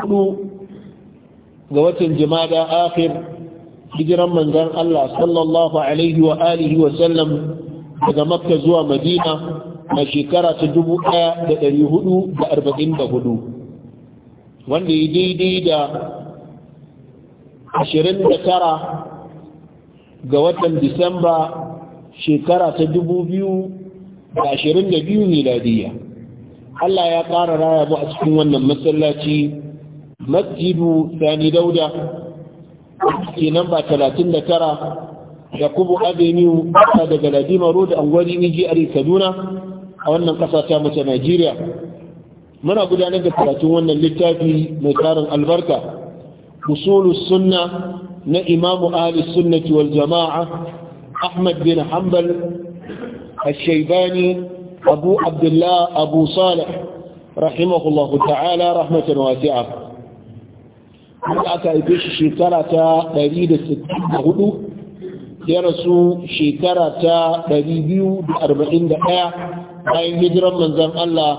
hudu ga watan jimada akhir hijiran manzan Allah sallallahu alaihi wa alihi wa sallam daga makka zuwa madina a shekara ta dubu ɗaya da ɗari hudu da arba'in da hudu wanda ya daidai da ashirin da tara ga watan disamba shekara ta dubu biyu da ashirin da biyu miladiyya Allah ya ƙara raya mu a cikin wannan masallaci masjidu sani dauda ke namba talatin da kubu avenue ta daga ladima road angwari nijiyar kaduna a wannan kasa ta mace najeriya muna gudanar da karatun wannan littafi mai tarin albarka usulu sunna na imamu ahli sunnati wal jama'a ahmad bin hanbal الشيباني أبو عبد الله أبو صالح رحمه الله تعالى رحمة واسعة wanda aka haife shi shekara ta 164 ya rasu shekara ta 241 bayan hijiran manzan Allah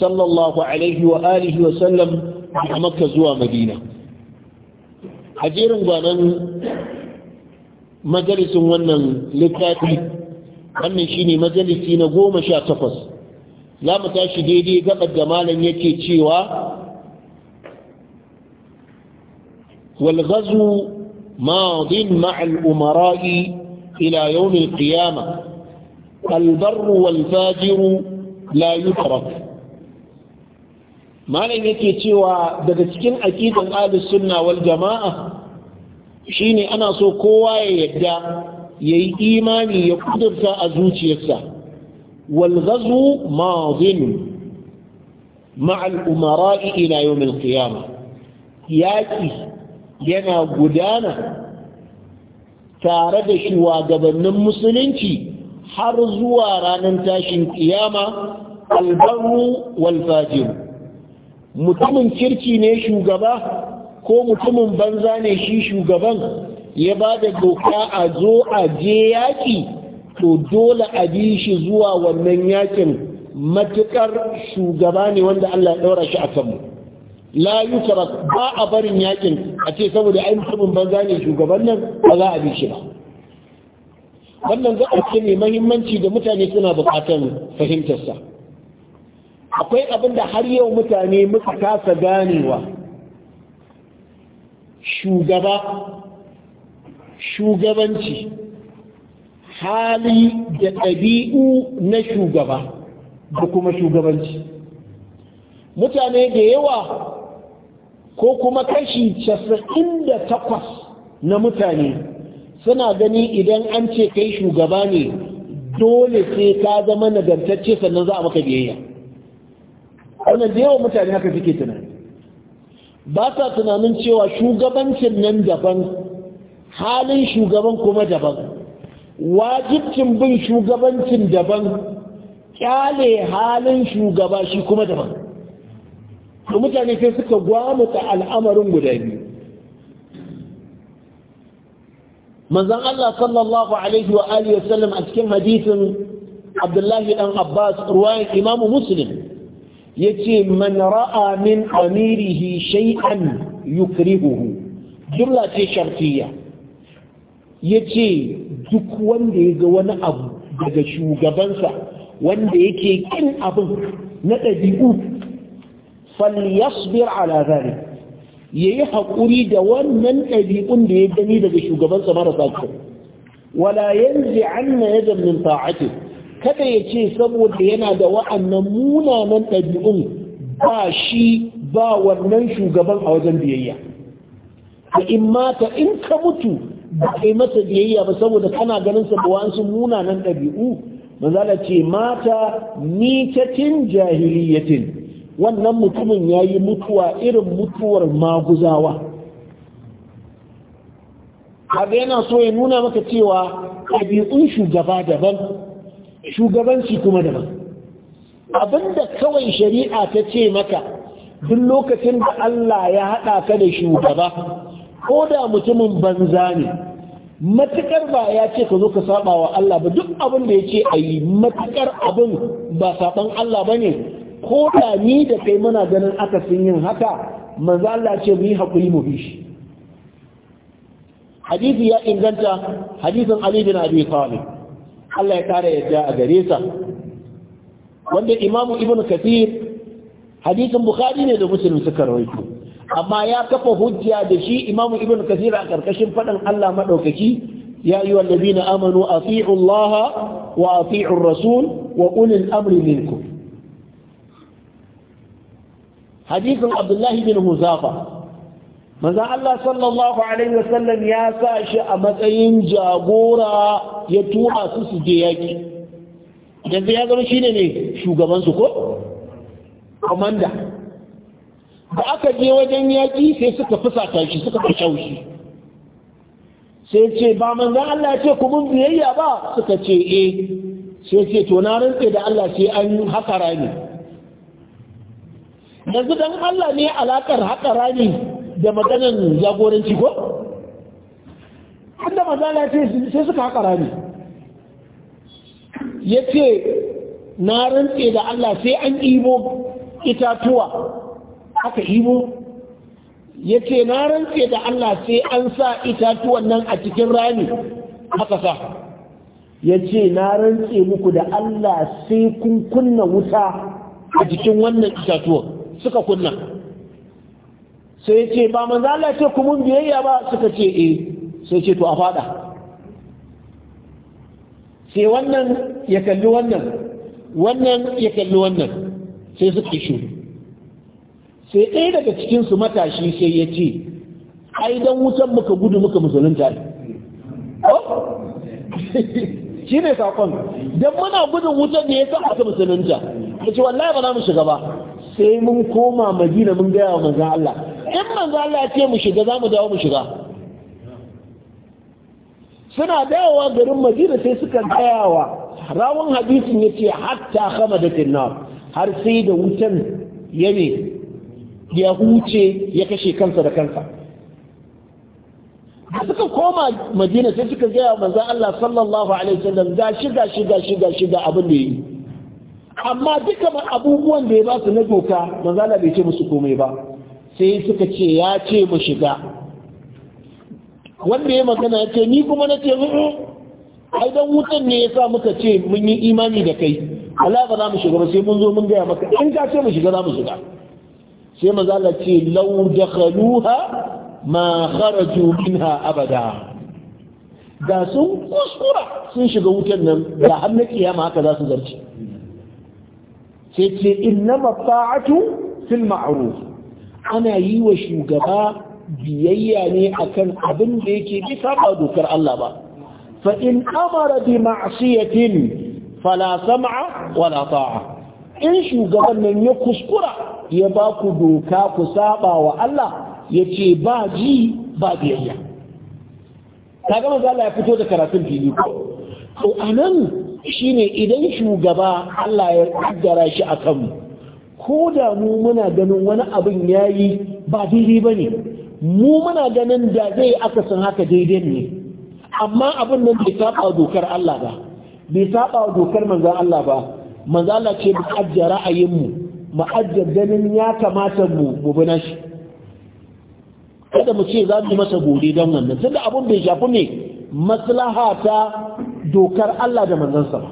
sallallahu alaihi wa alihi wa sallam a makka zuwa madina a jerin gwanon majalisin wannan littafi wannan shine majalisi na goma sha takwas za mu tashi daidai gabar da malam yake cewa والغزو ماض مع الأمراء إلى يوم القيامة البر والفاجر لا يترك ما لن يكي تيوى بذسكين أكيد الآل السنة والجماعة شيني أنا سو كواي يبدا يي إيماني يقدر فأزوت يسا والغزو ماض مع الأمراء إلى يوم القيامة ياكي yana gudana tare da shugabannin musulunci har zuwa ranar tashin kiyama albarru walfajiru mutumin kirki ne shugaba ko mutumin banza ne shi shugaban ya ba da doka a zo a je yaƙi to dole a bi shi zuwa wannan yakin matuƙar shugaba ne wanda Allah ya ɗaura shi a kanmu la ba a barin yakin a ce saboda ai mutumin banza ne shugaban nan ba za a bi shi ba wannan za a ce mai mahimmanci da mutane suna bukatar fahimtarsa akwai abin da har yau mutane muka kasa ganewa shugaba shugabanci hali da ɗabi'u na shugaba da kuma shugabanci mutane da yawa ko kuma kashi casa'in da takwas na mutane suna gani idan an ce kai shugaba ne dole sai ka zama nagartacce sannan za a maka biyayya wannan da yawan mutane haka suke tunani ba sa tunanin cewa shugabancin nan daban halin shugaban kuma daban wajibcin bin shugabancin daban kyale halin shugaba shi kuma daban to mutane sai suka gwamuta al'amarin guda biyu Manzan Allah sallallahu alaihi wa alihi wasallam a cikin hadisin Abdullahi dan Abbas ruwayan Imam Muslim yace man ra'a min amirihi shay'an yukrihuhu jumla ce shartiyya yace duk wanda ya ga wani abu daga shugabansa wanda yake kin abin na ɗabi'u falyasbir ala ya yayi haƙuri da wannan ɗabi'un da ya gani daga shugabansa marasa kyau wala yanzi anna yadan min ta'ati kada ya ce saboda yana da wa'annan munanan ɗabi'un ba shi ba wannan shugaban a wajen biyayya a in mata in ka mutu ba kai masa biyayya ba saboda kana ganin sa da munanan ɗabi'u manzala ce mata nikatin jahiliyatin wannan mutumin ya yi mutuwa irin mutuwar maguzawa haɗe yana so ya nuna maka cewa ɗabi'un shugaba daban shugabanci kuma daban abinda kawai shari'a ta ce maka duk lokacin da Allah ya haɗa ka da shugaba ko da mutumin banza ne matukar ba ya ce ka zo ka saba wa Allah ba duk abin da ya ce a yi matukar abin ba saban Allah ba ne ko da ni da kai muna ganin akasin yin haka maza Allah ce mu yi hakuri mu bi shi hadisi ya inganta hadisin Ali bin Abi Talib Allah ya ya ja a gare sa wanda Imam Ibn Kathir hadisin Bukhari ne da Muslim suka rawaito amma ya kafa hujja da shi Imam Ibn Kathir a karkashin fadan Allah madaukaki ya ayyuhallazina amanu atii'u Allah wa atii'ur rasul wa ulil amri minkum hadisin abdullahi bin huzafa manzan Allah sallallahu alaihi wasallam ya sa shi a matsayin jagora ya tura su su je yaƙi yanzu ya zama shi ne ne shugabansu ko? komanda da aka je wajen yaƙi sai suka fi shi suka fashe shi sai ce ba manzan Allah ce ku mun biyayya ba suka ce eh sai ce to na rantse da Allah sai an haka rami yanzu don Allah ne alakar haka rami da maganin jagoranci ko? inda mazala ce sai suka haka rami ya ce na rantse da Allah sai an ibo itatuwa aka ibo ya ce na rantse da Allah sai an sa itatuwan nan a cikin rami aka sa ya ce na rantse muku da Allah sai kun kunna wuta a jikin wannan itatuwan suka kunna sai ce ba manzo Allah ce ku mun biyayya ba suka ce eh sai ce to a fada sai wannan ya kalli wannan wannan ya kalli wannan sai suka shiru sai ɗaya daga cikin su matashi sai ya ce ai dan wutan muka gudu muka musulunta shi ne sakon Dan muna gudun wutan ne ya sa aka musulunta da ce wallahi ba za mu shiga ba sai mun koma madina mun gaya wa manzan Allah in manzan Allah ya ce mu shiga za mu dawo mu shiga suna dawowa garin madina sai suka gaya wa rawun hadisin ya ce hatta kama da tinnar har sai da wutan ya ne ya huce ya kashe kansa da kansa suka koma madina sai suka gaya wa manzan Allah sallallahu alaihi wasallam ga shiga shiga shiga shiga abin da ya yi amma duka abubuwan da ya ba su na doka manzala bai ce musu komai ba sai suka ce ya ce mu shiga wanda ya magana ya ce ni kuma na ce ai dan wutan ne ya yasa muka ce mun yi imani da kai Allah ba za mu shiga ba sai mun zo mun gaya maka in ka ce mu shiga za mu shiga sai manzala ce lau da dakhaluha ma kharaju minha abada da sun kuskura sun shiga wutan nan da har na kiyama haka za su zarce sai ce innama ta'atu fil ma'ruf ana yi wa shugaba biyayya ne akan abin da yake bisa ba dokar Allah ba fa in amara bi ma'siyatin fala sam'a wala ta'a in shugaban nan ya kuskura ya ba ku doka ku saba wa Allah yace ba ji ba biyayya kaga manzo Allah ya fito da karatun fili ko to anan shine idan shugaba Allah ya kaddara shi a kanmu ko da mu muna ganin wani abin ya yi ba daidai ba ne mu muna ganin da zai akasin haka daidai ne amma abin nan bai saba dokar Allah ba bai saba dokar manzan Allah ba manzan Allah ce mu ajja ra'ayinmu mu ganin ya kamata mu mu shi kada mu ce za mu masa gode don wannan tunda abin bai shafi ne maslaha ta dokar Allah da manzansa ba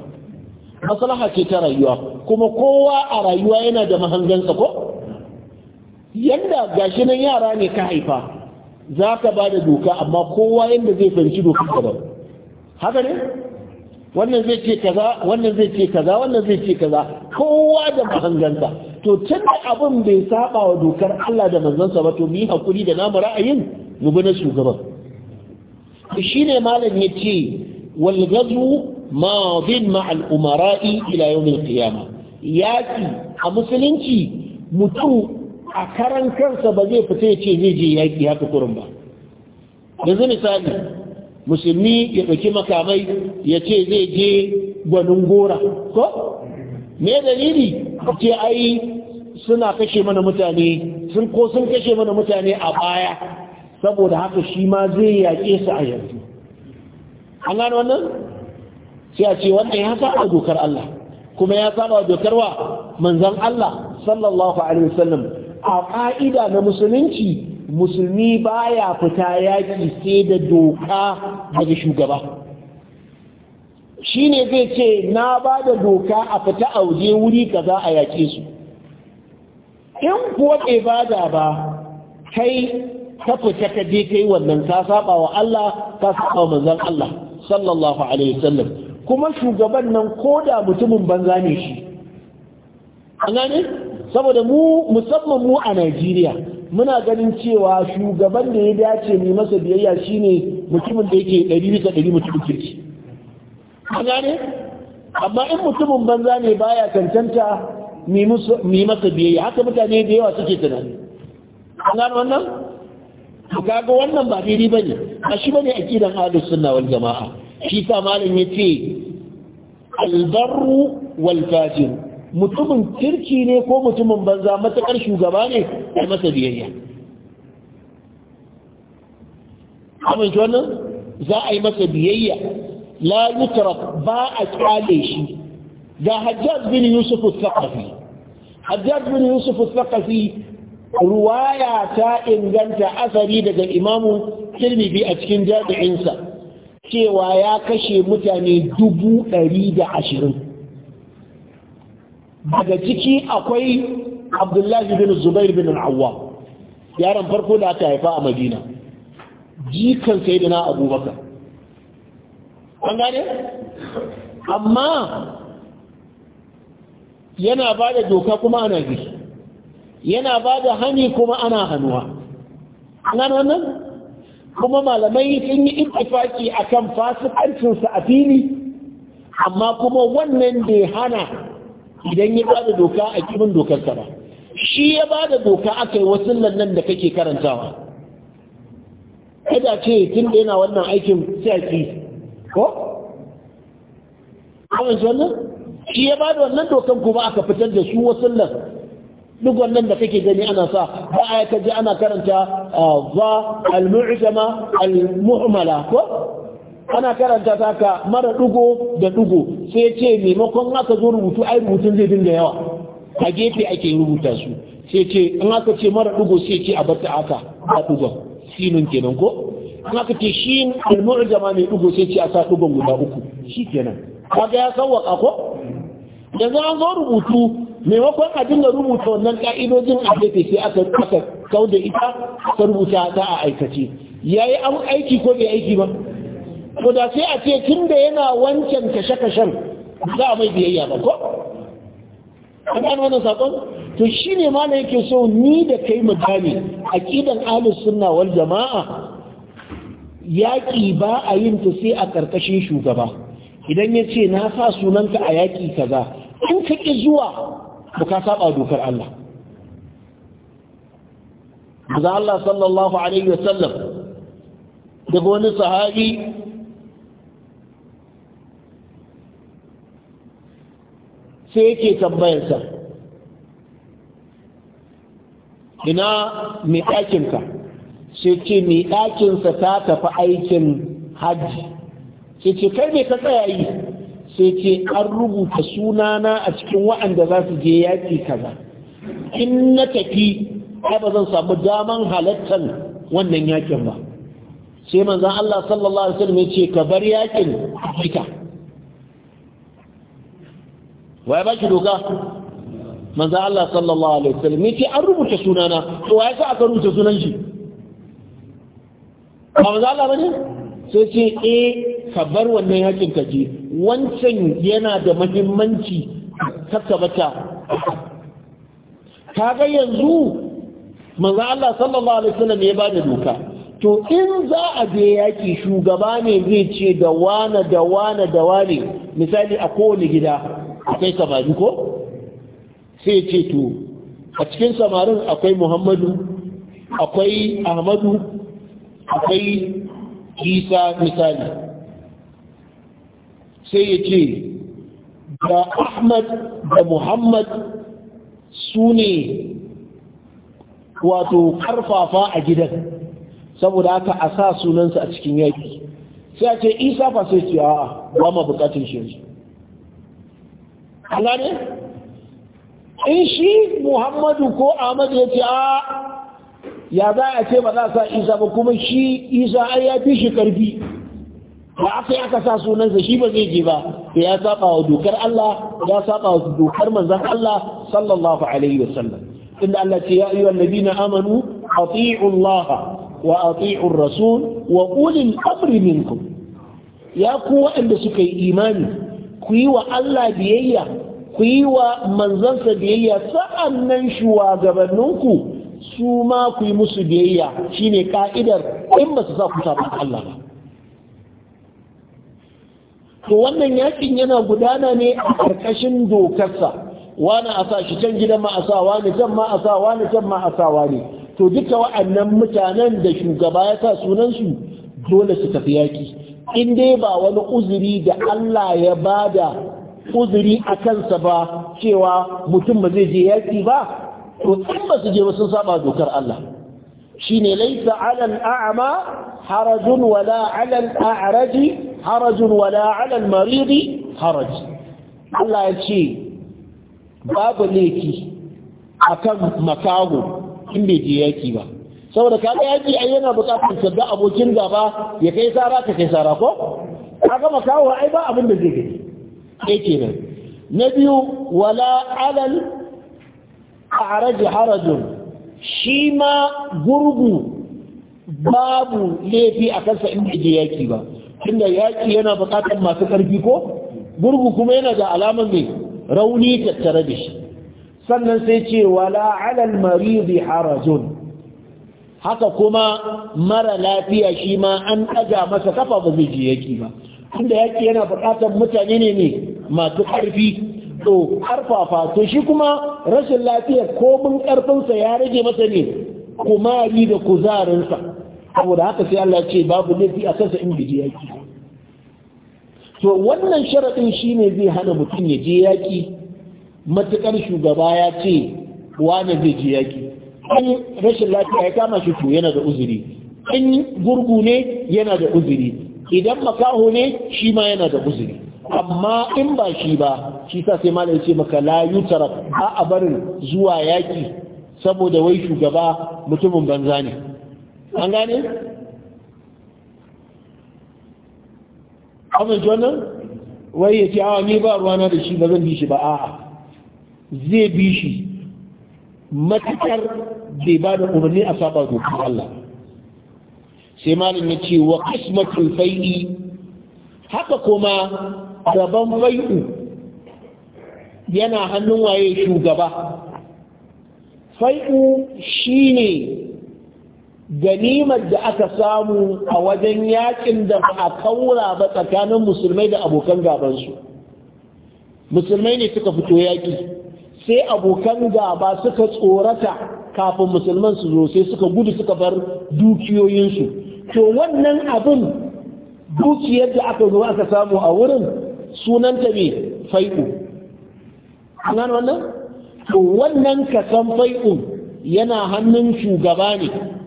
maslaha ce ta rayuwa kuma kowa a rayuwa yana da mahangansa ko yanda gashi nan yara ne ka haifa za ka ba da doka amma kowa yanda zai fahimci dokar ka ba haka ne wannan zai ce kaza wannan zai ce kaza wannan zai ce kaza kowa da mahangansa to tun da abin bai saba wa dokar Allah da manzansa ba to mu yi hakuri da namu ra'ayin mu bi na shugaban shi ne malam ya ce Walgadu, والغزو ماض مع الأمراء إلى يوم القيامة ياتي أمسلنتي متو أكرن كرسة بزي فتيتي زيجي يأتي هكا ba. yanzu misali musulmi ya ɗauki makamai ya ce zai je gwanin gora ko? me dalili ke ai suna kashe mana mutane sun ko sun kashe mana mutane a baya saboda haka shi ma zai yaƙe su a yanzu an gani wannan sai a ce wannan ya saba dokar Allah kuma ya saba dokar wa manzon Allah sallallahu alaihi wasallam a ka'ida na musulunci musulmi baya fita yaki sai da doka daga shugaba shine zai ce na ba da doka a fita a waje wuri kaza a yaƙe su in kuwa bai bada ba kai ka fita ka je kai wannan ka saba wa Allah ka saba wa manzon Allah sallallahu alaihi wasallam kuma shugaban nan koda mutumin banza ne shi an gane saboda mu musamman mu a Najeriya muna ganin cewa shugaban da ya dace mai masa biyayya shine mutumin da yake ɗari ɗari mutumin kirki an gane amma in mutumin banza ne baya kantanta mai masa biyayya haka mutane da yawa suke tunani an gane wannan to ga wannan ba daidai bane ba shi bane aqidan ahlus sunna wal jamaa shi sa ya yace albarru wal fajir mutumin kirki ne ko mutumin banza matakar shugaba ne ai masa biyayya amma wannan za a yi masa biyayya la yutraf ba a kyale shi da hajjaj bin yusuf al-thaqafi hajjaj bin yusuf al-thaqafi ruwaya ta inganta asari daga imamu tirmidhi a cikin jami'insa cewa ya kashe mutane dubu ɗari da ashirin daga ciki akwai abdullahi bin zubair bin Awwa, yaron farko da aka haifa a madina jikan sai da na abubakar an gane? amma yana ba da doka kuma ana gishi yana ba da hani kuma ana hannuwa gano nan kuma malamai sun yi ittifaki akan fasikancinsa a fili amma kuma wannan ya hana idan ya ba da doka a kimin dokarsa ba shi ya ba da doka aka yi wasu nan da kake karantawa kada ce tun da yana wannan aikin sai ko? Kawai shi Shi ya ba da wannan dokan kuma aka fitar da su wasu nan duk nan da kake gani ana sa ba a kaji ana karanta za al-mu'jama al-mu'mala ko ana karanta ta ka mara dugo da dugo sai ce maimakon aka zo rubutu ai rubutun zai dinga yawa a gefe ake rubuta su sai ce in aka ce mara dugo sai ce a bar aka a dugo sinin kenan ko in aka ce shi al-mu'jama mai dugo sai ce a sa dugon guda uku shi kenan kaga ya sawwaka ko yanzu an zo rubutu maimakon a dinga rubuta wannan ka'idojin a gefe sai aka aka kau da ita aka rubuta ta a aikace yayi an aiki ko bai aiki ba ko da sai a ce da yana wancan kashe-kashen za a mai biyayya ba ko an an wannan sakon to shine ma na yake so ni da kai mu gane aqidan ahlus sunna wal jamaa yaƙi ba a yin ta sai a ƙarƙashin shugaba idan ya ce na sa sunanka a yaƙi kaza in ka ƙi zuwa to ka saba dokar Allah da Allah sallallahu alaihi wasallam daga wani sahabi sai yake sa ina mai ɗakinka sai ce mai ɗakinsa ta tafi aikin hajji sai ce kai ne ka tsaya yi sai ce an rubuta sunana a cikin wa'anda za su je yaƙi kaza in na tafi ai ba zan samu daman halattar wannan yakin ba sai manzan Allah sallallahu alaihi wasallam ya ce ka bar yaƙin yakin fita ya ba ki doka manzan Allah sallallahu alaihi wasallam ya ce an rubuta sunana to wa ya sa aka rubuta sunan shi ba manzan Allah ne sai ce eh ka bar wannan yakin ka je wancan yana da mahimmanci kaka bata ga yanzu manzo Allah sallallahu alaihi wasallam ya bada doka to in za a je yaki shugaba ne zai ce da wane da wane da wane misali a kowane gida akwai samari ko sai ce to a cikin samarin akwai Muhammadu akwai Ahmadu akwai Isa misali sai ya ce da ahmad da muhammad su ne wato karfafa a gidan saboda haka a sa sunansa a cikin yaki sai a ce isa fa sai ce a ba ma bukatun shi yanzu ne in shi muhammadu ko ahmadu ya ce a ya za a ce ba za a sa isa ba kuma shi isa ai ya fi shi karfi ba aka aka sa sunansa shi ba zai je ba to ya saba wa dokar Allah ya saba wa dokar manzon Allah sallallahu alaihi wasallam inda Allah ce ya ayyuhal Nabina amanu ati'u Allah wa ati'u rasul wa ulil amri minkum ya ku waɗanda suka yi imani ku yi wa Allah biyayya ku yi wa manzansa biyayya sa'annan shuwagabanninku, su ma ku yi musu biyayya shine ka'idar in ba su sa ku saba Allah ba to wannan yakin yana gudana ne a karkashin dokarsa wani a sa shi can gidan ma a sa wani can ma a sa wani can ma a sa wani to duka wa'annan mutanen da shugaba ya sa sunansu dole su tafi yaki in dai ba wani uzuri da Allah ya bada uzuri a kansa ba cewa mutum ba zai je yaki ba to in ba su je ba sun saba dokar Allah shine laisa alal a'ma harajun wala alal a'raji harajun wala alal al-maridi haraj Allah ya ce babu laifi akan makaho in bai je yaki ba saboda kaga yaki ai yana bukatar sabda abokin gaba ya kai sara ka kai sara ko kaga makaho ai ba abin da zai gani yake kenan na biyu wala alal haraj harajun shi ma gurgu babu laifi a kansa in bai je yaki ba tunda yaƙi yana buƙatar masu ƙarfi ko gurgu kuma yana da alamar mai rauni tattare da shi sannan sai ce wala alal maridi harajun haka kuma mara lafiya shi ma an ɗaga masa kafa ba zai je yaƙi ba tunda yaƙi yana buƙatar mutane ne ne masu ƙarfi to ƙarfafa to shi kuma rashin lafiyar komin ƙarfinsa ya rage masa ne kumari da kuzarinsa saboda haka sai Allah ce babu laifi a kansa in bi yaki to wannan sharadin shine zai hana mutum ya je yaki matukar shugaba ya ce wane zai je yaki in rashin lafiya ya kama shi to yana da uzuri in gurgu ne yana da uzuri idan makaho ne shi ma yana da uzuri amma in ba shi ba shi sa sai malam ce maka la yutara ba a barin zuwa yaki saboda wai shugaba mutumin banza ne an gane abin wannan wai ya ce awa ne ba ruwana da shi ba zan bi shi ba a'a zai bi shi matakar bai ba da umarni a saba dokar Allah sai malin ya ce wa kasmatul fai'i haka kuma gaban fai'u yana hannun waye shugaba fai'u shine ganimar da aka samu a wajen yakin da ba a kaura ba tsakanin musulmai da abokan gabansu musulmai ne suka fito yaki sai abokan gaba suka tsorata kafin musulman su zo sai suka gudu suka bar dukiyoyinsu to wannan abin dukiyar da aka zo aka samu a wurin sunanta ne fai'u an wannan to wannan kasan fai'u yana hannun shugaba ne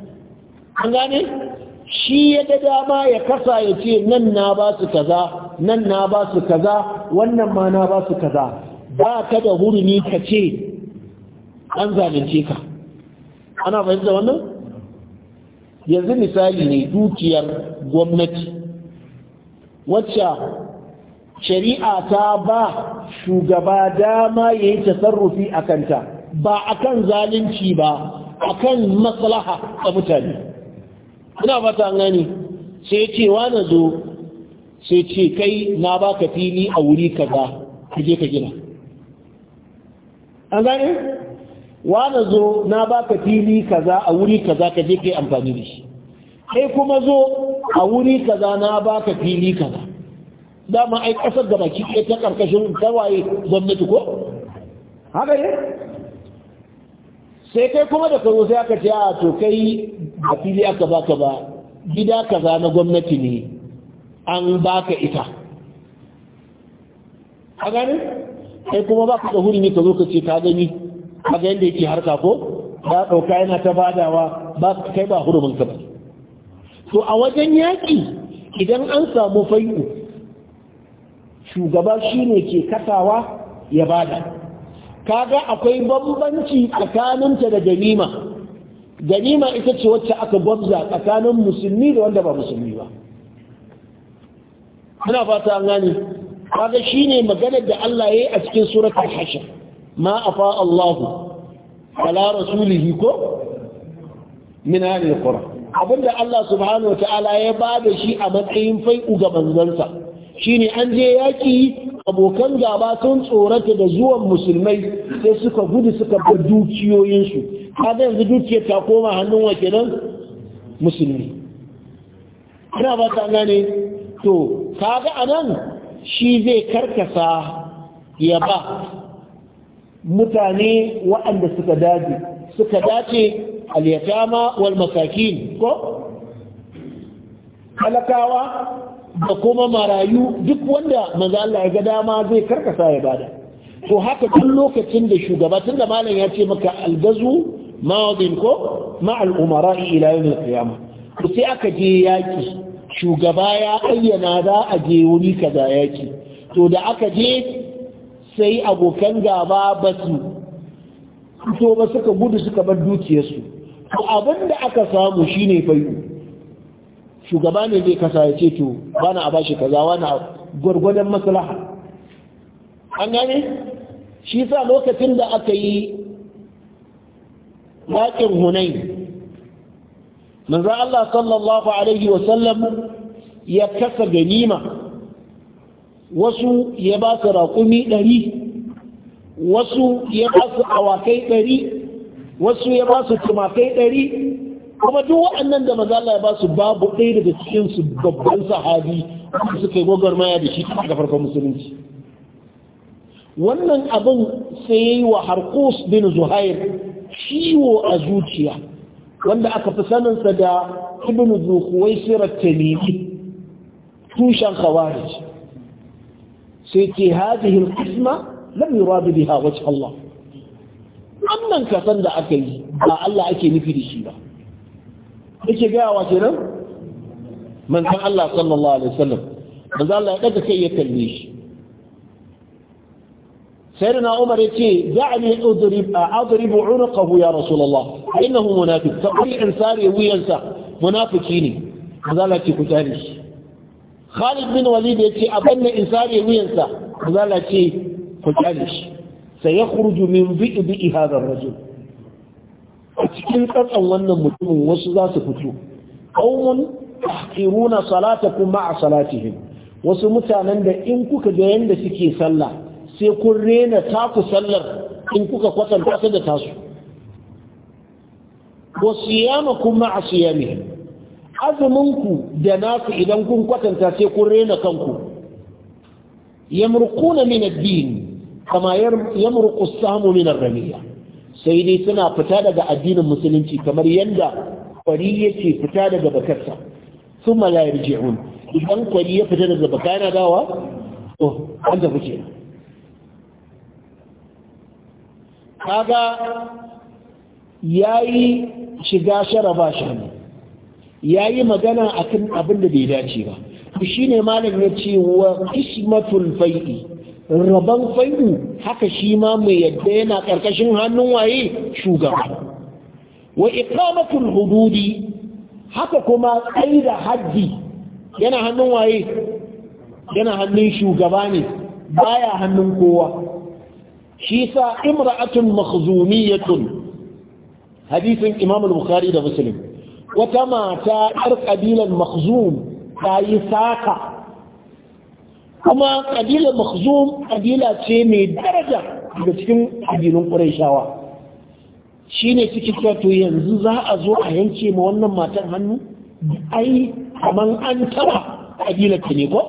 an gane shi ya da dama ya kasa ya ce nan na ba su kaza nan na ba su kaza wannan ma na ba su kaza ba ka da hurumi ka ce an zalunce ka ana fahimta wannan yanzu misali ne dukiyar gwamnati wacce shari'a ta ba shugaba dama ya yi tasarrufi a kanta ba akan zalunci ba akan maslaha a mutane ina ba ta gani sai ce wa na zo sai ce kai na ba ka fili a wuri kaza ka je ka gina an wa na zo na ba ka fili kaza a wuri kaza ka je ka yi amfani da shi kai kuma zo a wuri kaza na ba ka fili kaza dama ai kasar da baki ɗaya ta ƙarƙashin tawaye gwamnati ko haka ne sai kai kuma da karo sai aka ce a to kai a fili aka baka ba gida kaza na gwamnati ne an baka ita a gani kai kuma ka tsohuri hurumi ka zo ka ce ka gani a ga yadda yake harka ko ya ɗauka yana ta badawa ba kai ba hurumin ka ba to a wajen yaƙi idan an samu fai'u shugaba shi ne ke kasawa ya bada kaga akwai bambanci tsakaninta da ganima ganima ita ce wacce aka gwabza tsakanin musulmi da wanda ba musulmi ba ana fata an gane kaga shine maganar da Allah yi a cikin al hashr ma afa Allahu ala rasulihi ko min ahli alqura abinda Allah subhanahu ta'ala ya bada shi a matsayin fai'u ga manzansa shine an je yaki abokan gaba sun tsorata da zuwan musulmai sai suka gudu suka bar dukiyoyinsu kaga yanzu dukiyar ta koma hannun wakilan nan musulmi ina ba ta gane to kaga anan shi zai karkasa ya ba mutane waɗanda suka dace suka dace aliyatama wal masakin ko talakawa da kuma marayu duk wanda manzo Allah ya ga dama zai karkasa ya bada to haka duk lokacin da shugaba tun da malam ya ce maka algazu madin ko ma al umara ila yawm al qiyama to sai aka je yaki shugaba ya ayyana za a je wuri kaza yaki to da aka je sai abokan gaba ba su, to ba suka gudu suka bar dukiyarsu to abinda aka samu shine fayu shugaba ne zai kasa ya ce to bana a bashi kaza wani gwargwadon maslaha an gane shi sa lokacin da aka yi yaƙin hunain manzo Allah sallallahu alaihi sallam ya kasa ganima wasu ya ba su raƙumi ɗari wasu ya ba su awakai ɗari wasu ya ba su tumakai ɗari kuma duk waɗannan da maza Allah ya ba su babu ɗaya daga cikin su babban sahabi kuma suka yi gwagwarmaya da shi a farkon musulunci wannan abin sai yi wa harkus bin zuhair ciwo a zuciya wanda aka fi saninsa da ibn zuhuwai sirar tamimi tushen khawarij sai ke hajihin isma lam yuradu biha wajh Allah wannan kasan da aka yi ba Allah ake nufi da shi ba yake gaya wa kenan manzon Allah sallallahu alaihi wasallam manzo Allah ya daga kai ya kalle shi sayyidina Umar yace da'ni udrib adrib unqahu ya rasulullah innahu munafiq sabri ansari wiyansa munafiki ne manzo Allah ce ku tare shi Khalid bin Walid yace abanna insari wiyansa manzo Allah ce ku tare shi sayakhruju min bi'i hadha ar-rajul a cikin tsatsan wannan mutumin wasu za su fito qaumun salata kuma a salatihim wasu mutanen da in kuka ga yanda suke sallah sai kun rena taku sallar in kuka kwatanta ta da tasu wa kuma a siyamihim azuminku da nasu idan kun kwatanta sai kun rena kanku yamruquna min ad-din kama yamruqu as min ar sai dai suna fita daga addinin musulunci kamar yadda kwari yake fita daga bakarsa sun ma layar idan kwari ya fita daga baka yana dawa to an tafi kaga ya yi shiga sharaba Shani, ya yi magana a kan abin da bai dace ba shi ne malam ya ce wa ismatul fai'i rabon fai'u haka shi ma mai yadda yana ƙarƙashin hannun waye shugaba wa iqamatul hududi haka kuma tsaida haddi yana hannun waye yana hannun shugaba ne baya hannun kowa shi sa imra'atun makhzumiyatun hadisin imam al-bukhari da muslim wata mata 'yar ƙabilan makhzum ta yi saka kuma kabilar makhzum kabila ce mai daraja daga cikin kabilun ƙurayshawa shi ne suke cewa yanzu za a zo a yanke ma wannan matan hannu ai kaman an taba kabilar ta ne ko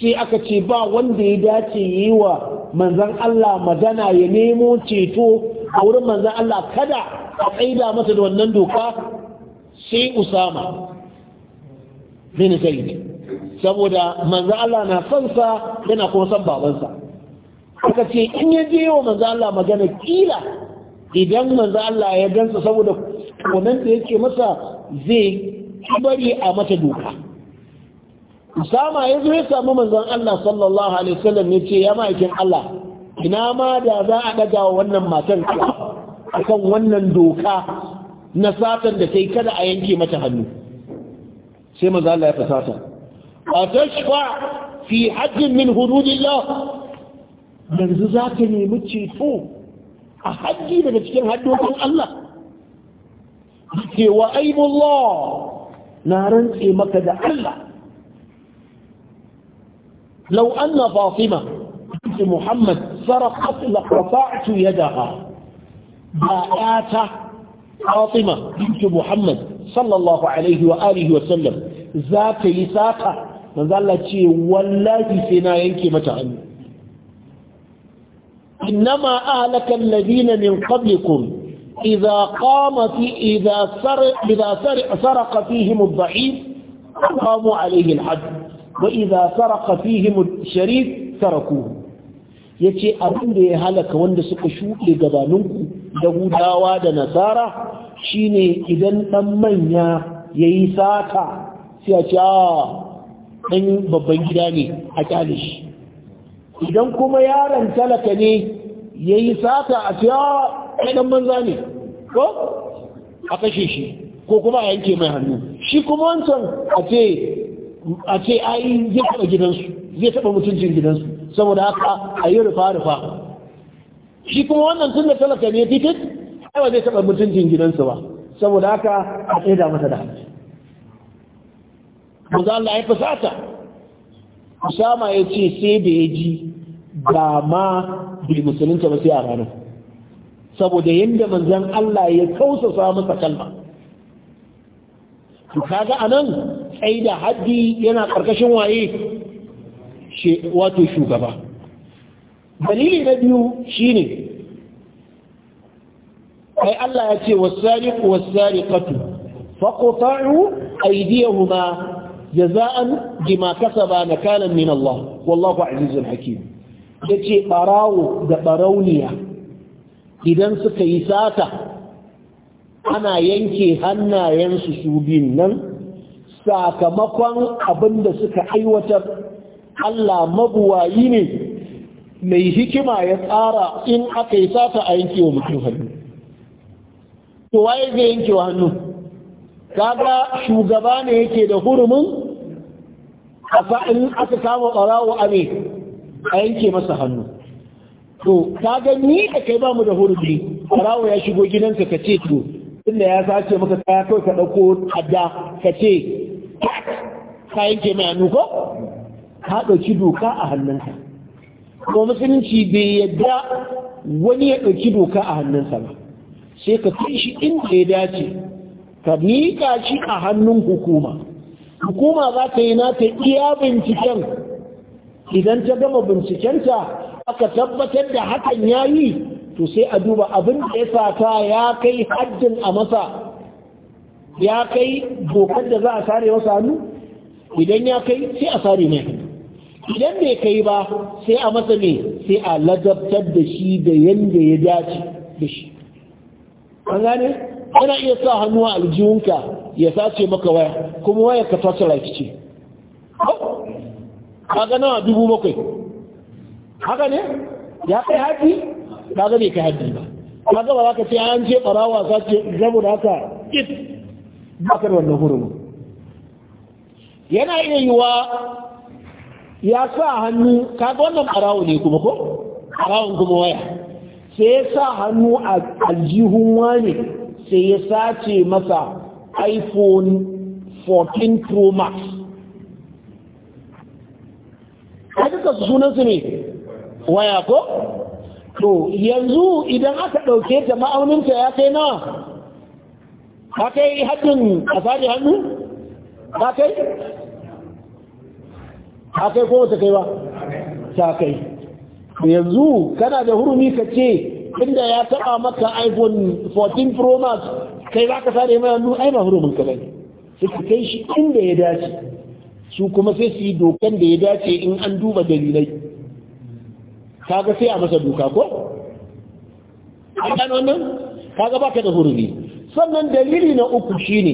sai aka ce ba wanda ya dace yi wa manzan Allah magana ya nemo ceto a wurin manzan Allah kada a tsaida masa da wannan doka sai usama bin zaid saboda manzo Allah na son yana kuma son babansa aka ce in ya je wa manzo Allah magana kila idan manzo Allah ya gansa saboda kunan da yake masa zai bari a mata doka Usama ya zo ya samu manzon Allah sallallahu alaihi wasallam ya ce ya ma'aikin Allah ina ma da za a daga wannan matan akan wannan doka na satan da sai kada a yanke mata hannu sai manzo Allah ya fasata أتشفع في حد من حدود الله من za نيمت nemi ceto a من daga cikin haddodin الله cewa aibullah na rantse maka da لو أن فاطمة بنت محمد سرقت لقطعت يدها بآتة فاطمة بنت محمد صلى الله عليه وآله وسلم ذات لساقة manzo Allah ce wallahi sai na yanke mata hannu innama ahlaka alladhina min qablikum idza qama fi idza sar idza sar saraqa fihim ad-da'if qamu alayhi al-hadd wa idza saraqa fihim ash-sharif tarakuhu yace abin da ya halaka wanda suka shuɗe gabaninku da hudawa da nasara shine idan dan manya yayi sata sai a ce ah, ɗan babban gida ne a ƙyale shi idan kuma yaron talaka ne ya yi sata a cewa ah, ɗan banza ne ko a kashe shi ko kuma a yanke mai hannu shi kuma wancan a ce a yi ai zai taɓa gidansu zai taɓa mutuncin gidansu saboda haka a yi rufa-rufa shi kuma wannan tun da talaka ne titit ai ba zai taɓa mutuncin gidansu ba saboda haka a tsaye da masa da hannu za Allah ya sata, Usama ya ce sai da ya ji ba ma bai musulunta ba sai a ranar saboda yadda manzon Allah ya sa masa kalma to kaga anan sai da haddi yana karkashin waye wato shugaba dalili na biyu shine ai Allah ya ce wasariqu wasariqatu faqta'u aydiyahuma jaza'an bima kasaba nakalan min Allah wallahu azizul hakim yace barawo da barauniya idan suka yi sata ana yanke hannayensu su biyun nan sakamakon abin da suka aiwatar Allah mabuwayi ne mai hikima ya tsara in aka yi sata a yanke wa mutum hannu to waye zai yanke wa hannu kaga shugaba ne yake da hurumin a in aka kama barawo a a yanke masa hannu to ka gani ni da kai ba mu da hurbi barawo ya shigo gidansa ka ce to inda ya sace maka kaya kawai ka ɗauko adda ka ce ka yanke mai hannu ko ka ɗauki doka a hannunka ko musulunci bai yadda wani ya ɗauki doka a hannunsa ba sai ka kai shi inda ya dace ka miƙa shi a hannun hukuma hukuma za ta yi nata iya binciken idan ta gama bincikenta aka tabbatar da hakan ya yi to sai a duba abin da ya sata ya kai haddin a masa ya kai dokar da za a sare wasu hannu idan ya kai sai a sare ne idan bai kai ba sai a masa ne sai a ladabtar da shi da yadda ya dace da shi an gane yana iya sa hannu a aljihunka ya sace maka waya kuma waya ka sace ce kaga nawa dubu bakwai haka ne ya kai haji kaga bai kai haji ba kaga ba za ka ce an ce za sace zabu da haka it ba ka wannan hurumin yana iya yi wa ya sa hannu ga wannan barawa ne kuma ko ɓarawon kuma waya sai ya sa hannu a aljihun wani sai ya sace masa iphone 14 pro max a duka su sunansu ne waya ko? to yanzu idan aka ɗauke ta ma'auninta ya kai nawa ka kai hadin a sadi hannu? ka kai? ka kai ko wata kai ba? ta kai yanzu kana da hurumi ka ce inda ya taba maka iphone 14 pro max kai za ka sare mai hannu ai ba hurumin ka bane su kai shi inda ya dace su kuma sai su yi dokan da ya dace in an duba dalilai kaga sai a masa doka ko an gano wannan kaga baka da hurumi sannan dalili na uku shine